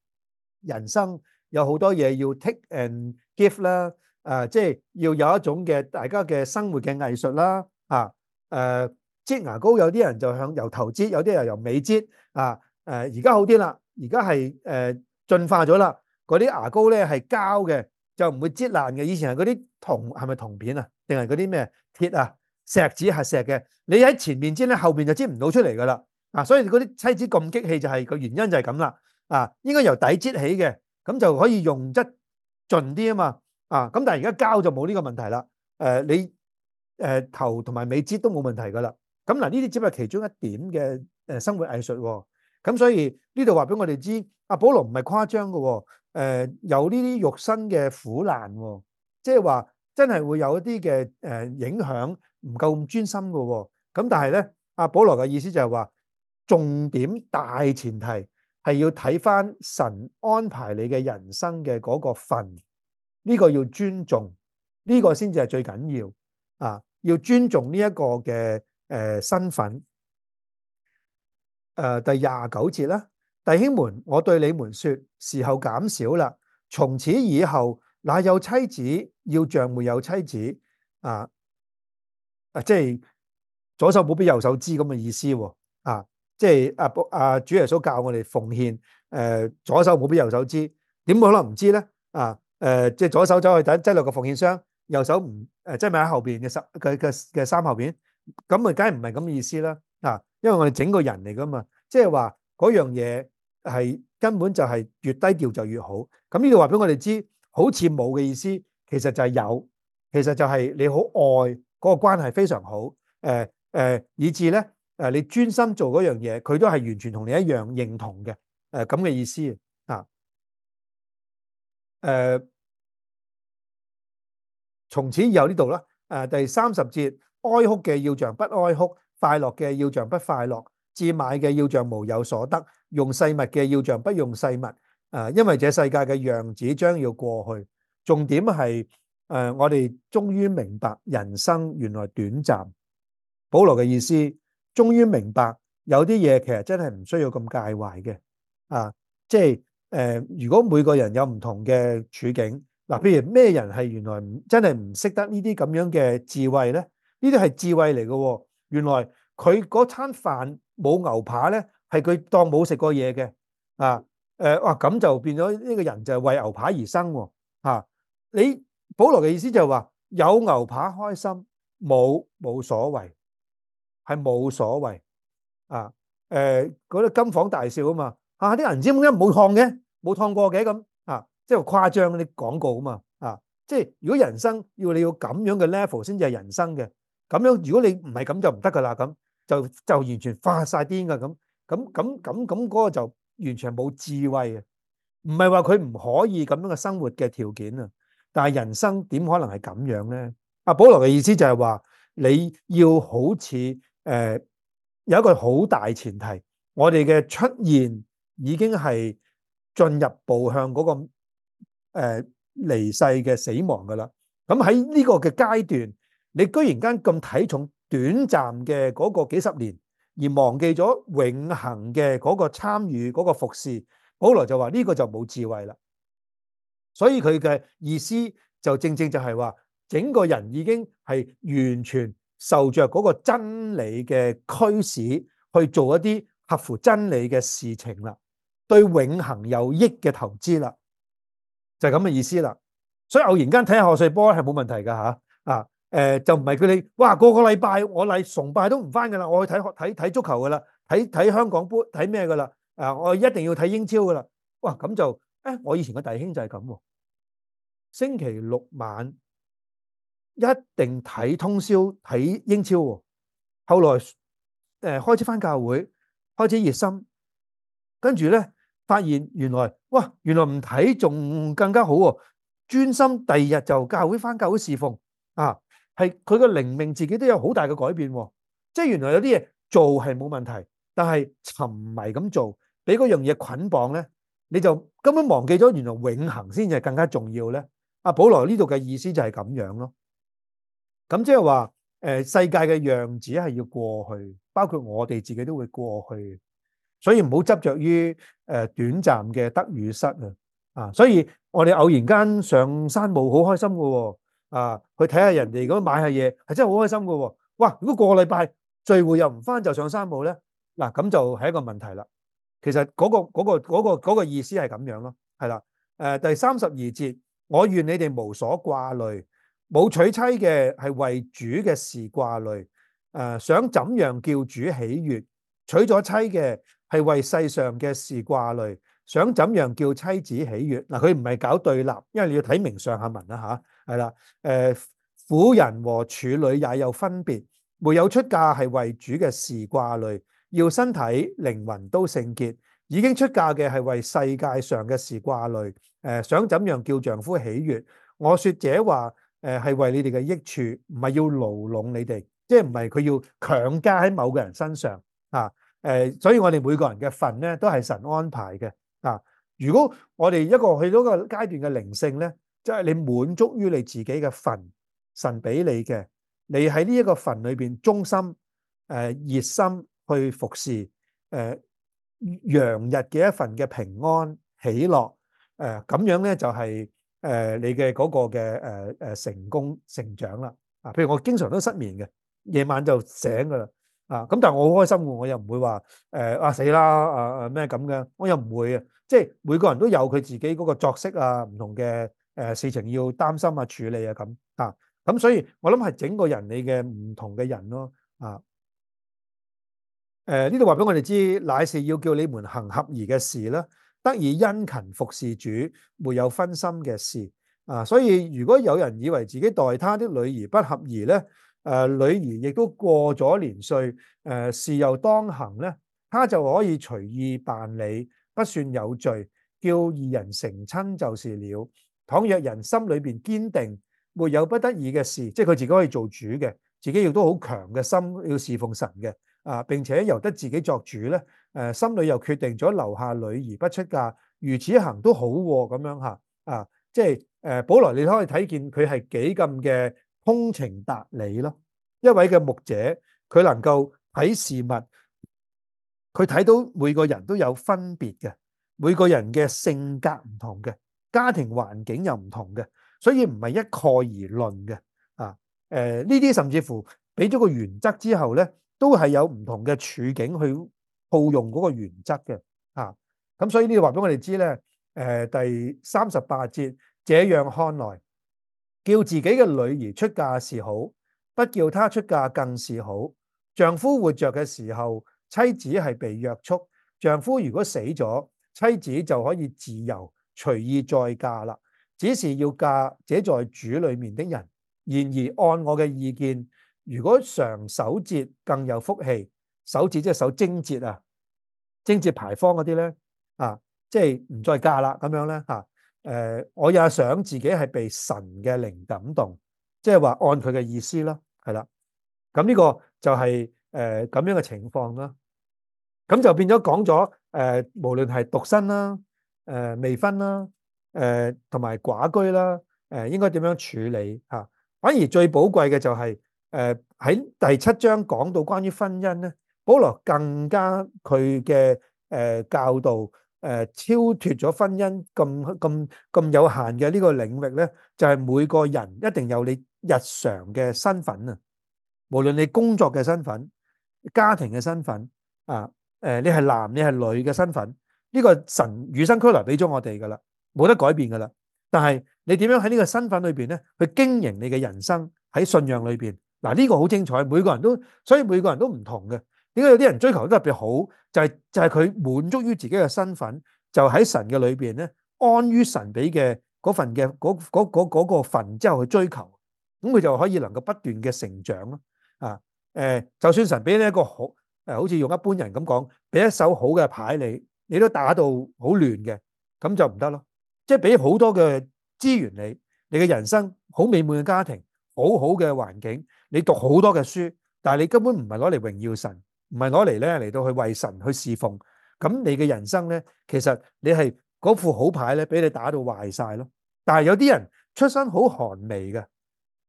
人生有好多嘢要 take and give 啦、呃，誒即係要有一種嘅大家嘅生活嘅藝術啦，啊誒，擠、呃、牙膏有啲人就向由頭擠，有啲人由尾擠，啊誒而家好啲啦，而家係誒進化咗啦，嗰啲牙膏咧係膠嘅。就唔會擠爛嘅，以前係嗰啲銅係咪銅片啊？定係嗰啲咩鐵啊、石子係石嘅，你喺前面擠咧，後邊就擠唔到出嚟噶啦啊，所以嗰啲妻子咁激氣就係、是、個原因就係咁啦。啊，應該由底擠起嘅，咁就可以用得盡啲啊嘛。啊，咁但係而家膠就冇呢個問題啦。誒、呃，你誒、呃、頭同埋尾擠都冇問題噶啦。咁、啊、嗱，呢啲只係其中一點嘅誒、呃、生活藝術、啊。咁所以呢度話俾我哋知，阿保羅唔係誇張嘅，誒有呢啲肉身嘅苦難，即係話真係會有一啲嘅誒影響，唔夠咁專心嘅。咁但係咧，阿保羅嘅意思就係話，重點大前提係要睇翻神安排你嘅人生嘅嗰個份，呢個要尊重，呢個先至係最緊要。啊，要尊重呢一個嘅誒身份。誒、呃、第廿九節啦，弟兄們，我對你們説，時候減少啦，從此以後，那有妻子要像沒有妻子啊？啊，即係左手冇俾右手知咁嘅意思喎？啊，即係阿阿主耶穌教我哋奉獻，誒、呃、左手冇俾右手知，點可能唔知咧？啊，誒、呃、即係左手走去等擠落個奉獻箱，右手唔即擠咪喺後邊嘅衫嘅嘅嘅衫後邊，咁咪梗係唔係咁嘅意思啦？啊！因為我哋整個人嚟噶嘛，即係話嗰樣嘢係根本就係越低調就越好。咁呢度話俾我哋知，好似冇嘅意思，其實就係有，其實就係你好愛嗰、那個關係非常好。誒、呃、誒、呃，以至咧誒、呃，你專心做嗰樣嘢，佢都係完全同你一樣認同嘅。誒咁嘅意思啊。誒、呃，從此以後呢度啦。誒、呃，第三十節，哀哭嘅要像不哀哭。快樂嘅要像不快樂，置買嘅要像無有所得，用世物嘅要像不用世物，啊。因為這世界嘅樣子將要過去。重點係誒、啊，我哋終於明白人生原來短暫。保羅嘅意思，終於明白有啲嘢其實真係唔需要咁介懷嘅。啊，即係誒、啊，如果每個人有唔同嘅處境，嗱、啊，譬如咩人係原來唔真係唔識得呢啲咁樣嘅智慧呢？呢啲係智慧嚟嘅，啊。原來佢嗰餐飯冇牛扒咧，係佢當冇食過嘢嘅啊誒，哇、啊、咁就變咗呢個人就係為牛扒而生喎、啊、吓、啊！你保羅嘅意思就係話有牛扒開心，冇冇所謂，係冇所謂啊誒嗰啲金房大少啊嘛吓！啲銀紙唔知點解冇燙嘅，冇燙過嘅咁啊，啊，啊，即係誇張啲廣告啊嘛啊！即係如果人生要你要咁樣嘅 level 先至係人生嘅。咁樣，如果你唔係咁就唔得噶啦，咁就就完全化曬癲噶咁，咁咁咁咁嗰個就完全冇智慧嘅，唔係話佢唔可以咁樣嘅生活嘅條件啊，但係人生點可能係咁樣咧？阿保羅嘅意思就係話你要好似誒有一個好大前提，我哋嘅出現已經係進入步向嗰個誒離世嘅死亡噶啦，咁喺呢個嘅階段。你居然間咁睇重短暫嘅嗰個幾十年，而忘記咗永恒嘅嗰個參與嗰個服侍，保羅就話呢個就冇智慧啦。所以佢嘅意思就正正就係話，整個人已經係完全受着嗰個真理嘅驅使，去做一啲合乎真理嘅事情啦，對永恒有益嘅投資啦，就係咁嘅意思啦。所以偶然間睇下賀歲波係冇問題噶吓啊！誒、呃，就唔係佢哋，哇！個個禮拜我禮崇拜都唔返噶啦，我去睇睇睇足球噶啦，睇睇香港杯睇咩噶啦，我一定要睇英超噶啦。哇！咁就誒、欸，我以前個弟兄就係咁、啊，星期六晚一定睇通宵睇英超，啊。後來誒、呃、開始返教會，開始熱心，跟住咧發現原來哇，原來唔睇仲更加好喎，啊，專心第二日就教會返教會侍奉啊。係佢嘅靈命，自己都有好大嘅改變喎。即係原來有啲嘢做係冇問題，但係沉迷咁做，俾嗰樣嘢捆綁咧，你就根本忘記咗原來永恆先至係更加重要咧。阿、啊、保羅呢度嘅意思就係咁樣咯。咁即係話、呃、世界嘅樣子係要過去，包括我哋自己都會過去，所以唔好執着於、呃、短暫嘅得與失啊。啊，所以我哋偶然間上山冇好開心嘅喎。啊！去睇下人哋咁買下嘢，係真係好開心噶。哇！如果個個禮拜聚會又唔翻就上山步咧，嗱咁就係一個問題啦。其實嗰個嗰個嗰個嗰個意思係咁樣咯，係啦。誒，第三十二節，我願你哋無所掛慮，冇娶妻嘅係為主嘅事掛慮，誒、呃、想怎樣叫主喜悦；娶咗妻嘅係為世上嘅事掛慮，想怎樣叫妻子喜悦。嗱、呃，佢唔係搞對立，因為你要睇明上下文啦吓。啊係啦，誒婦人和處女也有分別，沒有出嫁係為主嘅事掛慮，要身體靈魂都聖潔；已經出嫁嘅係為世界上嘅事掛慮、呃。想怎樣叫丈夫喜悦？我說這話，誒、呃、係為你哋嘅益處，唔係要牢籠你哋，即係唔係佢要強加喺某個人身上啊、呃？所以我哋每個人嘅份咧都係神安排嘅啊！如果我哋一個去到一個階段嘅靈性咧，即係你滿足於你自己嘅份，神俾你嘅，你喺呢一個份裏邊，忠心誒熱心去服侍誒陽日嘅一份嘅平安喜樂誒，咁樣咧就係誒你嘅嗰個嘅誒誒成功成長啦。啊，譬如我經常都失眠嘅，夜晚就醒噶啦啊，咁但係我好開心㗎，我又唔會話誒啊死啦啊啊咩咁嘅，我又唔會呀，即係每個人都有佢自己嗰個作息啊，唔同嘅。誒事情要擔心啊、處理啊咁啊，咁所以我諗係整個人你嘅唔同嘅人咯啊。誒呢度話俾我哋知道，乃是要叫你們行合宜嘅事啦，得以殷勤服事主，沒有分心嘅事啊。所以如果有人以為自己待他的女兒不合宜咧，誒、啊、女兒亦都過咗年歲，誒、啊、事又當行咧，他就可以隨意辦理，不算有罪，叫二人成親就是了。倘若人心裏面堅定，沒有不得已的事，即是他自己可以做主的，自己亦都很強的心，要侍奉神的，並且由得自己作主，心裏又決定了留下女兒不出嫁，如此行都好喎，這樣。即是，保羅你可以看見他是幾咁的通情達理。一位的牧者，他能夠在事物，他看到每個人都有分別的，每個人的性格不同的。家庭環境又唔同嘅，所以唔係一概而論嘅啊！誒呢啲甚至乎俾咗個原則之後呢，都係有唔同嘅處境去套用嗰個原則嘅啊！咁所以呢個話俾我哋知呢，呃，第三十八節，這樣看來，叫自己嘅女兒出嫁是好，不叫她出嫁更是好。丈夫活着嘅時候，妻子係被約束；丈夫如果死咗，妻子就可以自由。隨意再嫁啦，只是要嫁這在主裏面的人。然而按我嘅意見，如果常守節更有福氣，守節即係守貞節，節排那些啊，貞節牌坊嗰啲咧啊，即係唔再嫁啦咁樣咧嚇。誒、啊，我也想自己係被神嘅靈感動，即係話按佢嘅意思啦，係啦。咁呢個就係誒咁樣嘅情況啦。咁就變咗講咗誒，無論係獨身啦。誒，未婚啦，誒，同埋寡居啦，誒，應該點樣處理吓？反而最寶貴嘅就係，誒，喺第七章講到關於婚姻咧，保羅更加佢嘅誒教導，誒，超脱咗婚姻咁咁咁有限嘅呢個領域咧，就係每個人一定有你日常嘅身份啊，無論你工作嘅身份、家庭嘅身份啊，誒，你係男你係女嘅身份。呢個神與生俱來俾咗我哋噶啦，冇得改變噶啦。但係你點樣喺呢個身份裏邊呢，去經營你嘅人生喺信仰裏邊嗱，呢個好精彩。每個人都所以每個人都唔同嘅。點解有啲人追求得特別好？就係就係佢滿足於自己嘅身份，就喺神嘅裏邊呢，安於神俾嘅嗰份嘅嗰個份之後去追求，咁佢就可以能夠不斷嘅成長咯。啊，誒，就算神俾你一個好誒，好似用一般人咁講，俾一手好嘅牌你。你都打到好亂嘅，咁就唔得咯。即係俾好多嘅資源你，你嘅人生好美滿嘅家庭，好好嘅環境，你讀好多嘅書，但係你根本唔係攞嚟榮耀神，唔係攞嚟咧嚟到去為神去侍奉。咁你嘅人生咧，其實你係嗰副好牌咧，俾你打到壞晒咯。但係有啲人出身好寒微嘅，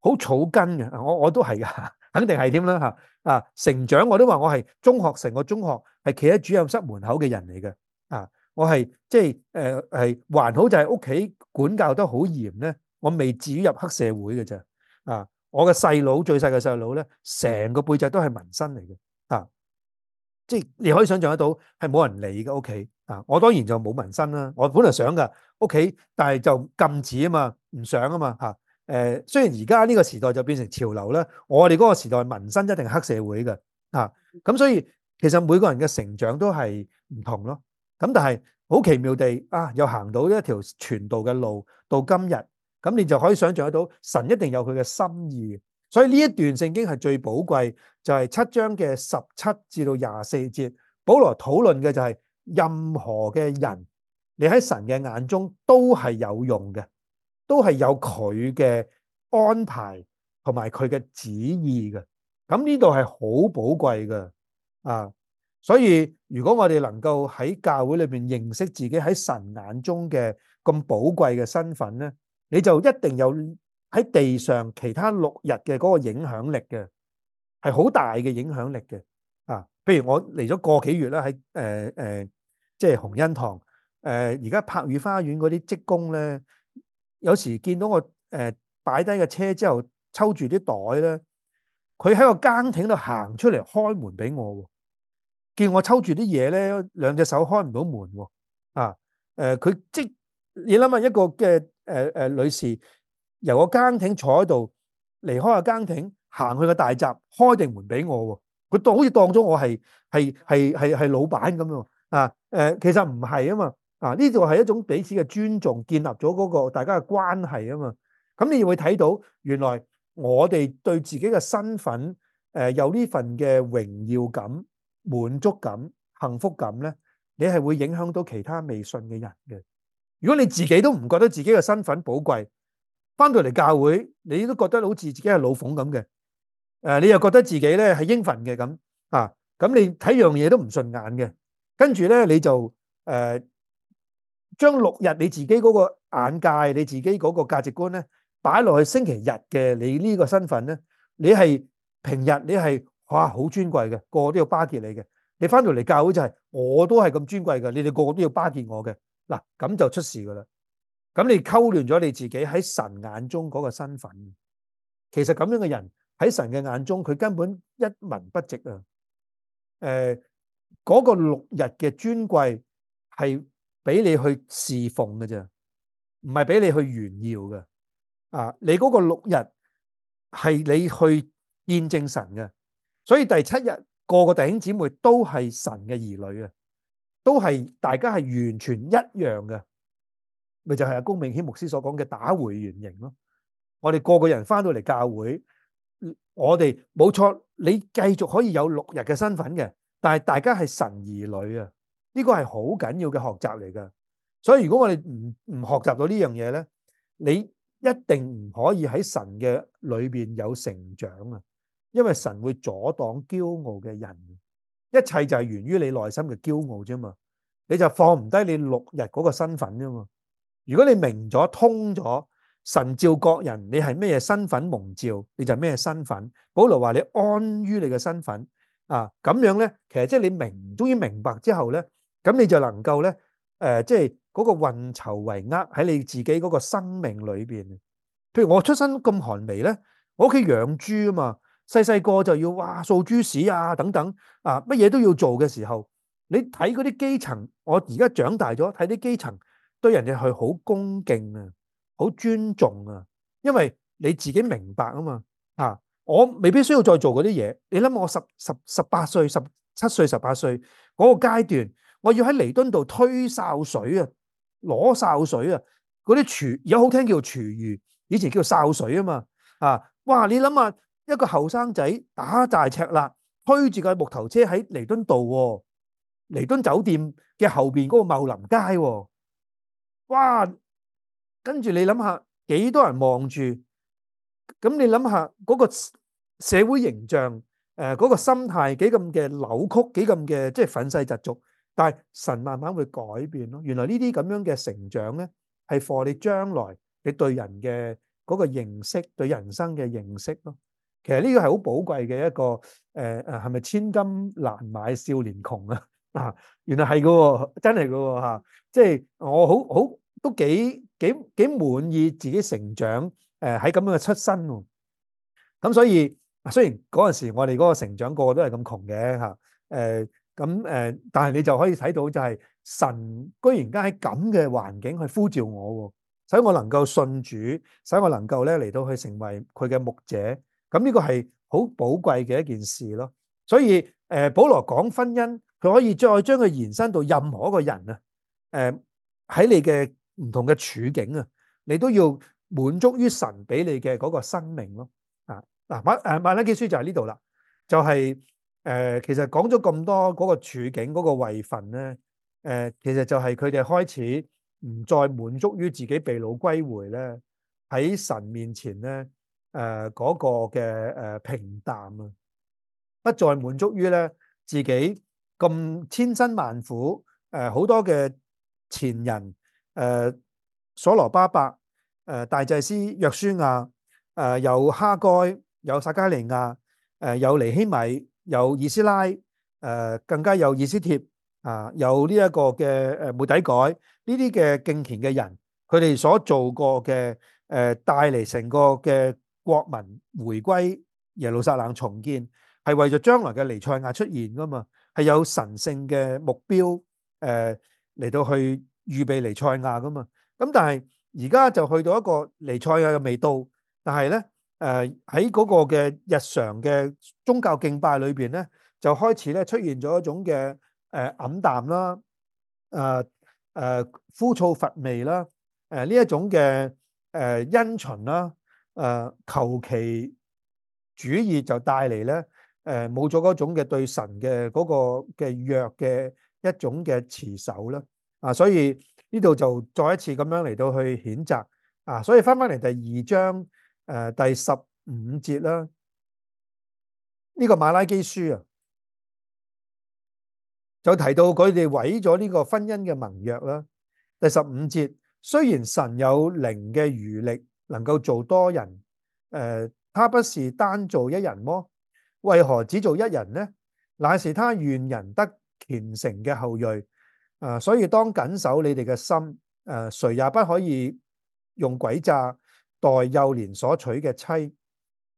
好草根嘅，我我都係噶，肯定係添啦吓啊！成長我都話我係中學成個中學係企喺主任室門口嘅人嚟嘅。我係即係誒係還好，就係屋企管教得好嚴咧，我未至於入黑社會嘅啫。啊，我嘅細佬最細嘅細佬咧，成個背脊都係紋身嚟嘅。啊，即係你可以想象得到，係冇人理嘅屋企。啊，我當然就冇紋身啦。我本來想噶屋企，但係就禁止啊嘛，唔想嘛啊嘛嚇。誒，雖然而家呢個時代就變成潮流啦，我哋嗰個時代紋身一定係黑社會嘅。啊，咁所以其實每個人嘅成長都係唔同咯。咁但係好奇妙地啊，又行到一條傳道嘅路到今日，咁你就可以想象得到神一定有佢嘅心意。所以呢一段聖經係最寶貴，就係七章嘅十七至到廿四節，保羅討論嘅就係任何嘅人，你喺神嘅眼中都係有用嘅，都係有佢嘅安排同埋佢嘅旨意嘅。咁呢度係好寶貴嘅啊！所以如果我哋能夠喺教會裏邊認識自己喺神眼中嘅咁寶貴嘅身份咧，你就一定有喺地上其他六日嘅嗰個影響力嘅，係好大嘅影響力嘅。啊，譬如我嚟咗個幾月咧，喺誒誒，即係洪恩堂誒，而家柏宇花園嗰啲職工咧，有時見到我誒、呃、擺低個車之後，抽住啲袋咧，佢喺個更亭度行出嚟開門俾我，啊。見我抽住啲嘢咧，兩隻手開唔到門喎。啊，誒佢即係你諗下一個嘅誒誒女士，由個更亭坐喺度，離開個更亭行去個大閘，開定門俾我喎。佢當好似當咗我係係係係係老闆咁啊，誒，其實唔係啊嘛，啊呢度係一種彼此嘅尊重，建立咗嗰個大家嘅關係啊嘛。咁你會睇到原來我哋對自己嘅身份誒有呢份嘅榮耀感。滿足感、幸福感咧，你係會影響到其他未信嘅人嘅。如果你自己都唔覺得自己嘅身份寶貴，返到嚟教會你都覺得好似自己係老鳳咁嘅，誒，你又覺得自己咧係應份嘅咁啊，咁你睇樣嘢都唔順眼嘅，跟住咧你就誒，將、呃、六日你自己嗰個眼界、你自己嗰個價值觀咧擺落去星期日嘅你呢個身份咧，你係平日你係。哇，好尊貴嘅，個個都要巴結你嘅。你翻到嚟教會就係、是，我都係咁尊貴嘅，你哋個個都要巴結我嘅。嗱，咁就出事噶啦。咁你溝亂咗你自己喺神眼中嗰個身份。其實咁樣嘅人喺神嘅眼中，佢根本一文不值啊。誒、呃，嗰、那個六日嘅尊貴係俾你去侍奉嘅啫，唔係俾你去炫耀嘅。啊，你嗰個六日係你去見證神嘅。所以第七日，個個弟兄姊妹都係神嘅兒女啊，都係大家係完全一樣嘅，咪就係、是、阿公明謙牧師所講嘅打回原形咯。我哋個個人翻到嚟教會，我哋冇錯，你繼續可以有六日嘅身份嘅，但係大家係神兒女啊，呢、這個係好緊要嘅學習嚟噶。所以如果我哋唔唔學習到呢樣嘢咧，你一定唔可以喺神嘅裏邊有成長啊。因為神會阻擋驕傲嘅人，一切就係源於你內心嘅驕傲啫嘛。你就放唔低你六日嗰個身份啫嘛。如果你明咗通咗神召各人，你係咩嘢身份蒙召，你就咩嘢身份。保羅話你安於你嘅身份啊，咁樣咧，其實即係你明終於明白之後咧，咁你就能夠咧，誒，即係嗰個運籌帷幄喺你自己嗰個生命裏邊。譬如我出身咁寒微咧，我屋企養豬啊嘛。細細個就要哇掃豬屎啊等等啊乜嘢都要做嘅時候，你睇嗰啲基層，我而家長大咗睇啲基層對人哋係好恭敬啊，好尊重啊，因為你自己明白啊嘛啊，我未必需要再做嗰啲嘢。你諗我十十十八歲十七歲十八歲嗰個階段，我要喺彌敦道推潲水啊，攞潲水啊，嗰啲廚而家好聽叫廚餘，以前叫潲水啊嘛啊，哇你諗下。一個後生仔打大赤肋，推住個木頭車喺彌敦道，彌敦酒店嘅後邊嗰個茂林街，哇！跟住你諗下，幾多人望住？咁你諗下嗰個社會形象，誒，嗰個心態幾咁嘅扭曲，幾咁嘅即係憤世嫉俗。但係神慢慢會改變咯。原來呢啲咁樣嘅成長咧，係 for 你將來你對人嘅嗰個認識，對人生嘅認識咯。其實呢個係好寶貴嘅一個誒誒，係、呃、咪千金難買少年窮啊？啊，原來係個，真係個吓，即係我好好都幾幾幾滿意自己成長誒，喺、呃、咁樣嘅出身，咁、啊、所以雖然嗰陣時我哋嗰個成長個個都係咁窮嘅吓，誒咁誒，但係你就可以睇到就係神居然間喺咁嘅環境去呼召我，使我能夠信主，使我能夠咧嚟到去成為佢嘅牧者。咁呢個係好寶貴嘅一件事咯，所以誒，保羅講婚姻，佢可以再將佢延伸到任何一個人啊，喺你嘅唔同嘅處境啊，你都要滿足於神俾你嘅嗰個生命咯。啊，嗱，誒，瑪拉基書就喺呢度啦，就、呃、係其實講咗咁多嗰個處境嗰、嗰個位份咧、呃，其實就係佢哋開始唔再滿足於自己被擄歸回咧，喺神面前咧。誒、嗰、呃那個嘅誒、呃、平淡啊，不再滿足於咧自己咁千辛萬苦，誒、呃、好多嘅前人，誒、呃、所羅巴伯，誒、呃、大祭司約書亞，誒、呃、有哈該，有撒迦利亞，誒、呃、有尼希米，有以斯拉，誒、呃、更加有以斯帖，啊有呢一個嘅誒末底改，呢啲嘅敬虔嘅人，佢哋所做過嘅，誒、呃、帶嚟成個嘅。國民回歸耶路撒冷重建，係為咗將來嘅尼賽亞出現噶嘛，係有神聖嘅目標誒嚟到去預備尼賽亞噶嘛。咁但係而家就去到一個尼賽亞嘅味道，但係咧誒喺嗰個嘅日常嘅宗教敬拜裏邊咧，就開始咧出現咗一種嘅誒暗淡啦，誒誒枯燥乏味啦，誒呢一種嘅誒陰沉啦。誒，求其、呃、主義就帶嚟咧，誒、呃，冇咗嗰種嘅對神嘅嗰個嘅約嘅一種嘅持守啦，啊，所以呢度就再一次咁樣嚟到去譴責啊，所以翻翻嚟第二章誒、呃、第十五節啦，呢、啊這個馬拉基書啊，就提到佢哋毀咗呢個婚姻嘅盟約啦。第十五節，雖然神有靈嘅餘力，能夠做多人，誒、呃，他不是單做一人麼？為何只做一人呢？乃是他願人得虔誠嘅後裔，啊、呃，所以當謹守你哋嘅心，誒、呃，誰也不可以用詭詐待幼年所娶嘅妻、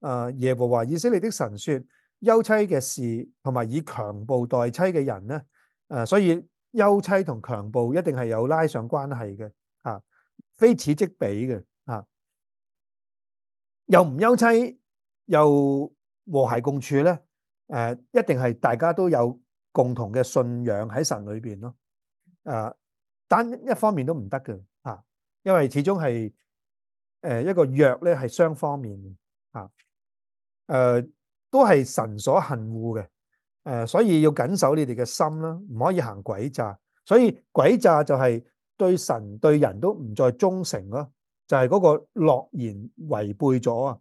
呃，耶和華以色列的神說，休妻嘅事同埋以，以強暴待妻嘅人呢，誒、呃，所以休妻同強暴一定係有拉上關係嘅、啊，非此即彼嘅。又唔休妻，又和諧共處，一定係大家都有共同嘅信仰喺神裏面。單一方面都唔得嘅，因為始終係一個約，係雙方面嘅。都係神所恨惡嘅，所以要謹守你哋嘅心，唔可以行詭詐。所以詭詐就係對神，對人都唔再忠誠。就係嗰個諾言違背咗啊！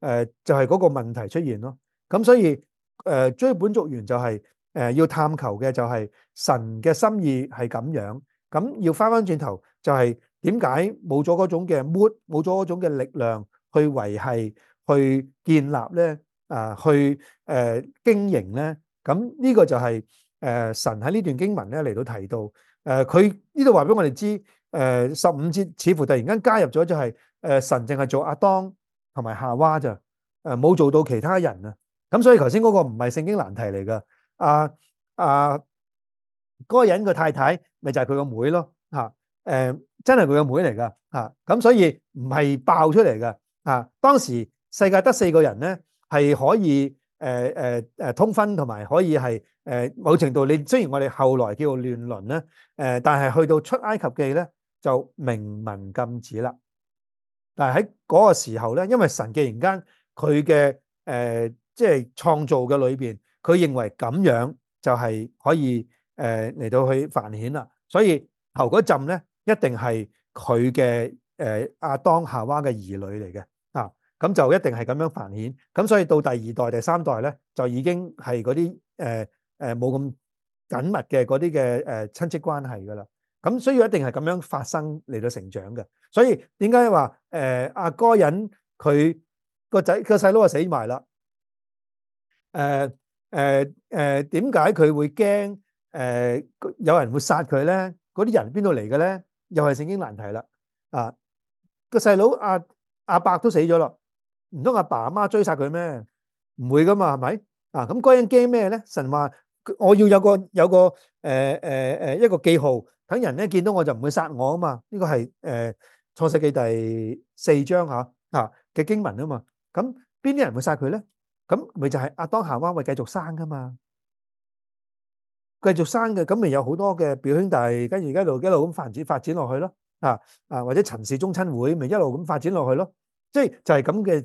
誒，就係嗰個問題出現咯。咁所以誒，追本溯源就係誒，要探求嘅就係神嘅心意係咁樣。咁要返返轉頭，就係點解冇咗嗰種嘅 mood，冇咗嗰種嘅力量去維係、去建立咧啊，去誒經營咧。咁呢個就係誒神喺呢段經文咧嚟到提到誒，佢呢度話俾我哋知。誒、呃，十五節似乎突然間加入咗，就是，就係誒神淨係做阿當同埋夏娃咋，誒、呃、冇做到其他人啊。咁所以頭先嗰個唔係聖經難題嚟噶。阿阿嗰個人個太太咪就係佢個妹咯吓。誒、啊，真係佢個妹嚟噶吓。咁、啊啊、所以唔係爆出嚟噶吓。當時世界得四個人咧，係可以誒誒誒通婚，同埋可以係誒、呃、某程度你雖然我哋後來叫亂倫咧，誒、呃，但係去到出埃及記咧。就明文禁止啦。但係喺嗰個時候咧，因為神既然間佢嘅誒，即係創造嘅裏邊，佢認為咁樣就係可以誒嚟、呃、到去繁衍啦。所以頭嗰陣咧，一定係佢嘅誒亞當夏娃嘅兒女嚟嘅啊。咁就一定係咁樣繁衍。咁所以到第二代第三代咧，就已經係嗰啲誒誒冇咁緊密嘅嗰啲嘅誒親戚關係噶啦。咁、嗯、所以一定係咁樣發生嚟到成長嘅，所以點解話誒阿該隱佢個仔個細佬啊死埋啦？誒誒誒，點解佢會驚誒、呃、有人會殺佢咧？嗰啲人邊度嚟嘅咧？又係聖經難題啦啊！個細佬阿亞伯都死咗咯，唔通阿爸阿媽追殺佢咩？唔會噶嘛，係咪啊？咁該隱驚咩咧？神話。我要有個有個誒誒誒一個記號，等人咧見到我就唔會殺我啊嘛！呢個係誒創世記第四章吓啊嘅經文啊嘛。咁邊啲人會殺佢咧？咁咪就係亞當夏娃會繼續生噶嘛，繼續生嘅。咁咪有好多嘅表兄弟，跟住而家一路一路咁發展發展落去咯。啊啊或者陳氏宗親會咪一路咁發展落去咯。即係就係咁嘅，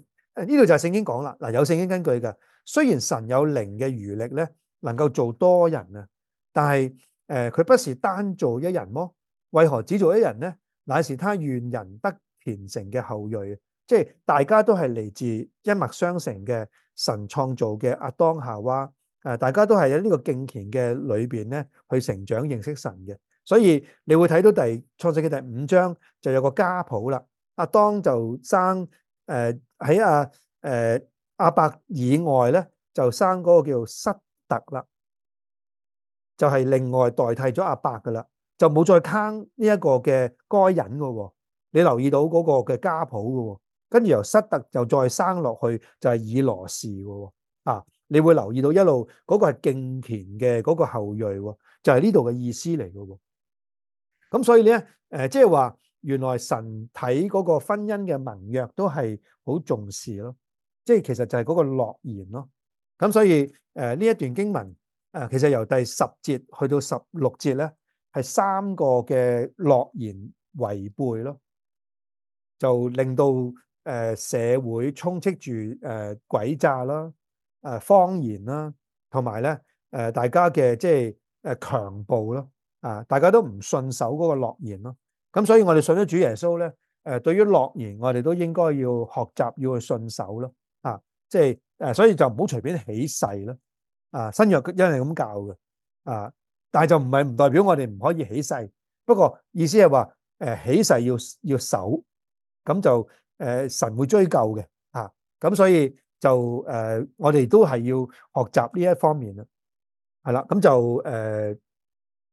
呢度就係聖經講啦。嗱，有聖經根據嘅，雖然神有靈嘅餘力咧，能夠做多人啊，但係誒佢不是單做一人麼？為何只做一人呢？乃是他願人得虔誠嘅後裔，即大家都係嚟自一脈相承嘅神創造嘅亞當夏娃，呃、大家都係喺呢個敬虔嘅裏面咧去成長認識神嘅，所以你會睇到第創世記第五章就有個家譜啦。亞當就生誒喺、呃啊呃、亞伯以外咧，就生嗰個叫做失。特啦，就係、是、另外代替咗阿伯噶啦，就冇再坑呢一個嘅該人喎。你留意到嗰個嘅家譜喎，跟住由失特就再生落去就係、是、以羅氏㗎啊，你會留意到一路嗰、那個係敬虔嘅嗰個後裔，就係呢度嘅意思嚟喎。咁所以咧，誒、呃，即係話，原來神睇嗰個婚姻嘅盟約都係好重視咯，即係其實就係嗰個諾言咯。咁所以，誒、呃、呢一段經文，誒、呃、其實由第十節去到十六節咧，係三個嘅諾言違背咯，就令到誒、呃、社會充斥住誒詭詐啦、誒、呃啊、謊言啦，同埋咧誒大家嘅即係誒強暴咯，啊，大家都唔信守嗰個諾言咯。咁、啊、所以，我哋信咗主耶穌咧，誒、呃、對於諾言，我哋都應該要學習要去信守咯，啊，即係。誒，所以就唔好隨便起誓咯。啊，新約佢一樣係咁教嘅。啊，但係就唔係唔代表我哋唔可以起誓。不過意思係話，誒，起誓要要守，咁就誒，神會追究嘅。吓，咁所以就誒，我哋都係要學習呢一方面啦。係啦，咁就誒，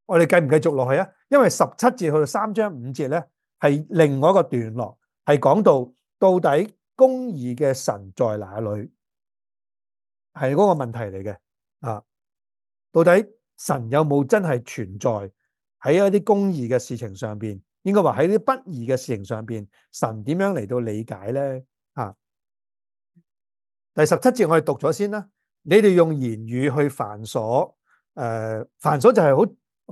我哋繼唔繼續落去啊？因為十七節去到三章五節咧，係另外一個段落，係講到到底公義嘅神在哪裏？係嗰個問題嚟嘅。啊，到底神有冇真係存在喺一啲公義嘅事情上邊？應該話喺啲不義嘅事情上邊，神點樣嚟到理解咧？啊，第十七節我哋讀咗先啦。你哋用言語去煩瑣，誒、呃，煩瑣就係好，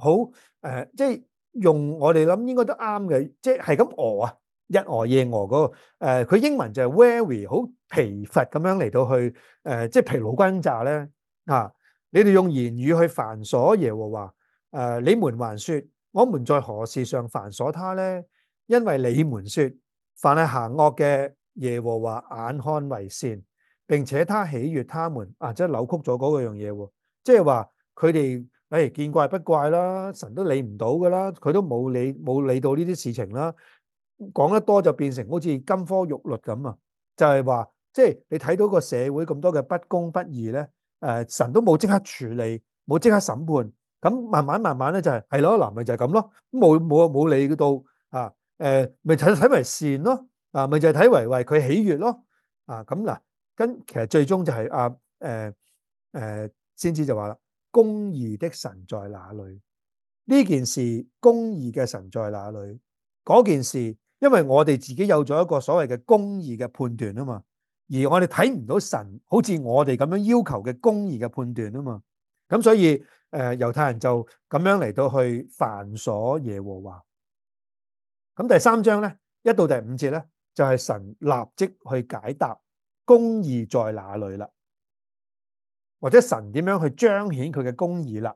好，誒、呃，即係用我哋諗應該都啱嘅，即係係咁餓啊，日餓夜餓嗰個，誒、呃，佢英文就係 weary 好。疲乏咁樣嚟到去，呃、即係疲勞轟炸咧、啊、你哋用言語去煩瑣耶和華、啊，你們還說：「我們在何事上煩瑣他咧？因為你們說：「凡係行惡嘅耶和華眼看為善，並且他喜悅他們啊！即係扭曲咗嗰樣嘢喎、啊，即係話佢哋誒見怪不怪啦，神都理唔到噶啦，佢都冇理冇理到呢啲事情啦，講得多就變成好似金科玉律咁啊，就係、是、話。即係你睇到個社會咁多嘅不公不義咧，誒神都冇即刻處理，冇即刻審判，咁慢慢慢慢咧就係係咯，嗱咪就係咁咯，冇冇冇理到啊，誒咪睇睇埋善咯，啊咪就係睇為為佢喜悅咯，啊咁嗱、啊，跟其實最終就係、是、啊誒誒、呃呃、先知就話啦，公義的神在哪裏？呢件事公義嘅神在哪裏？嗰件事，因為我哋自己有咗一個所謂嘅公義嘅判斷啊嘛。而我哋睇唔到神好似我哋咁樣要求嘅公義嘅判斷啊嘛，咁所以誒、呃、猶太人就咁樣嚟到去煩瑣耶和華。咁第三章咧一到第五節咧就係、是、神立即去解答公義在哪裏啦，或者神點樣去彰顯佢嘅公義啦。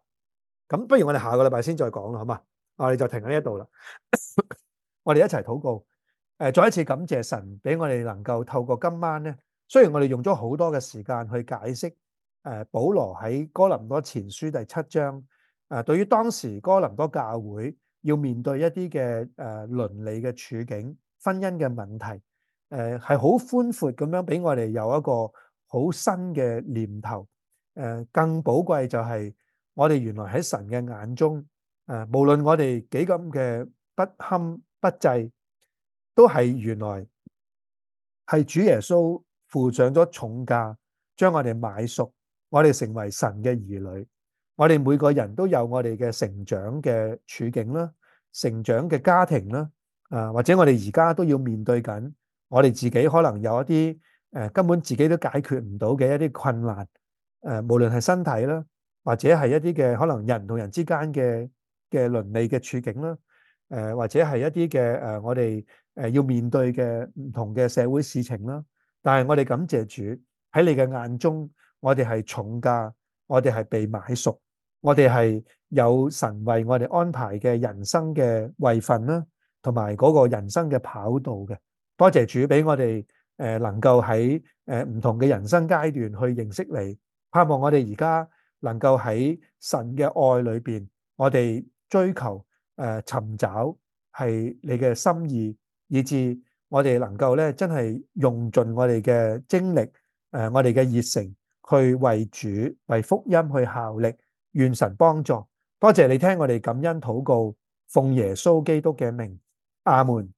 咁不如我哋下個禮拜先再講啦，好嘛？我哋就停喺呢 一度啦，我哋一齊禱告。誒，再一次感謝神俾我哋能夠透過今晚呢，雖然我哋用咗好多嘅時間去解釋，誒，保羅喺哥林多前書第七章，誒，對於當時哥林多教會要面對一啲嘅誒倫理嘅處境、婚姻嘅問題，誒，係好寬闊咁樣俾我哋有一個好新嘅念頭。誒，更寶貴就係我哋原來喺神嘅眼中，誒，無論我哋幾咁嘅不堪不濟。都係原來係主耶穌負上咗重價，將我哋買贖，我哋成為神嘅兒女。我哋每個人都有我哋嘅成長嘅處境啦，成長嘅家庭啦，啊、呃、或者我哋而家都要面對緊，我哋自己可能有一啲誒、呃、根本自己都解決唔到嘅一啲困難，誒、呃、無論係身體啦，或者係一啲嘅可能人同人之間嘅嘅倫理嘅處境啦，誒、呃、或者係一啲嘅誒我哋誒，要面對嘅唔同嘅社會事情啦，但係我哋感謝主，喺你嘅眼中，我哋係重價，我哋係被買贖，我哋係有神為我哋安排嘅人生嘅位份啦，同埋嗰個人生嘅跑道嘅。多謝主俾我哋誒、呃，能夠喺誒唔同嘅人生階段去認識你。盼望我哋而家能夠喺神嘅愛裏邊，我哋追求誒、呃、尋找係你嘅心意。以致我哋能夠咧，真係用盡我哋嘅精力，誒，我哋嘅熱誠去為主、為福音去效力，願神幫助。多謝你聽我哋感恩禱告，奉耶穌基督嘅名，阿門。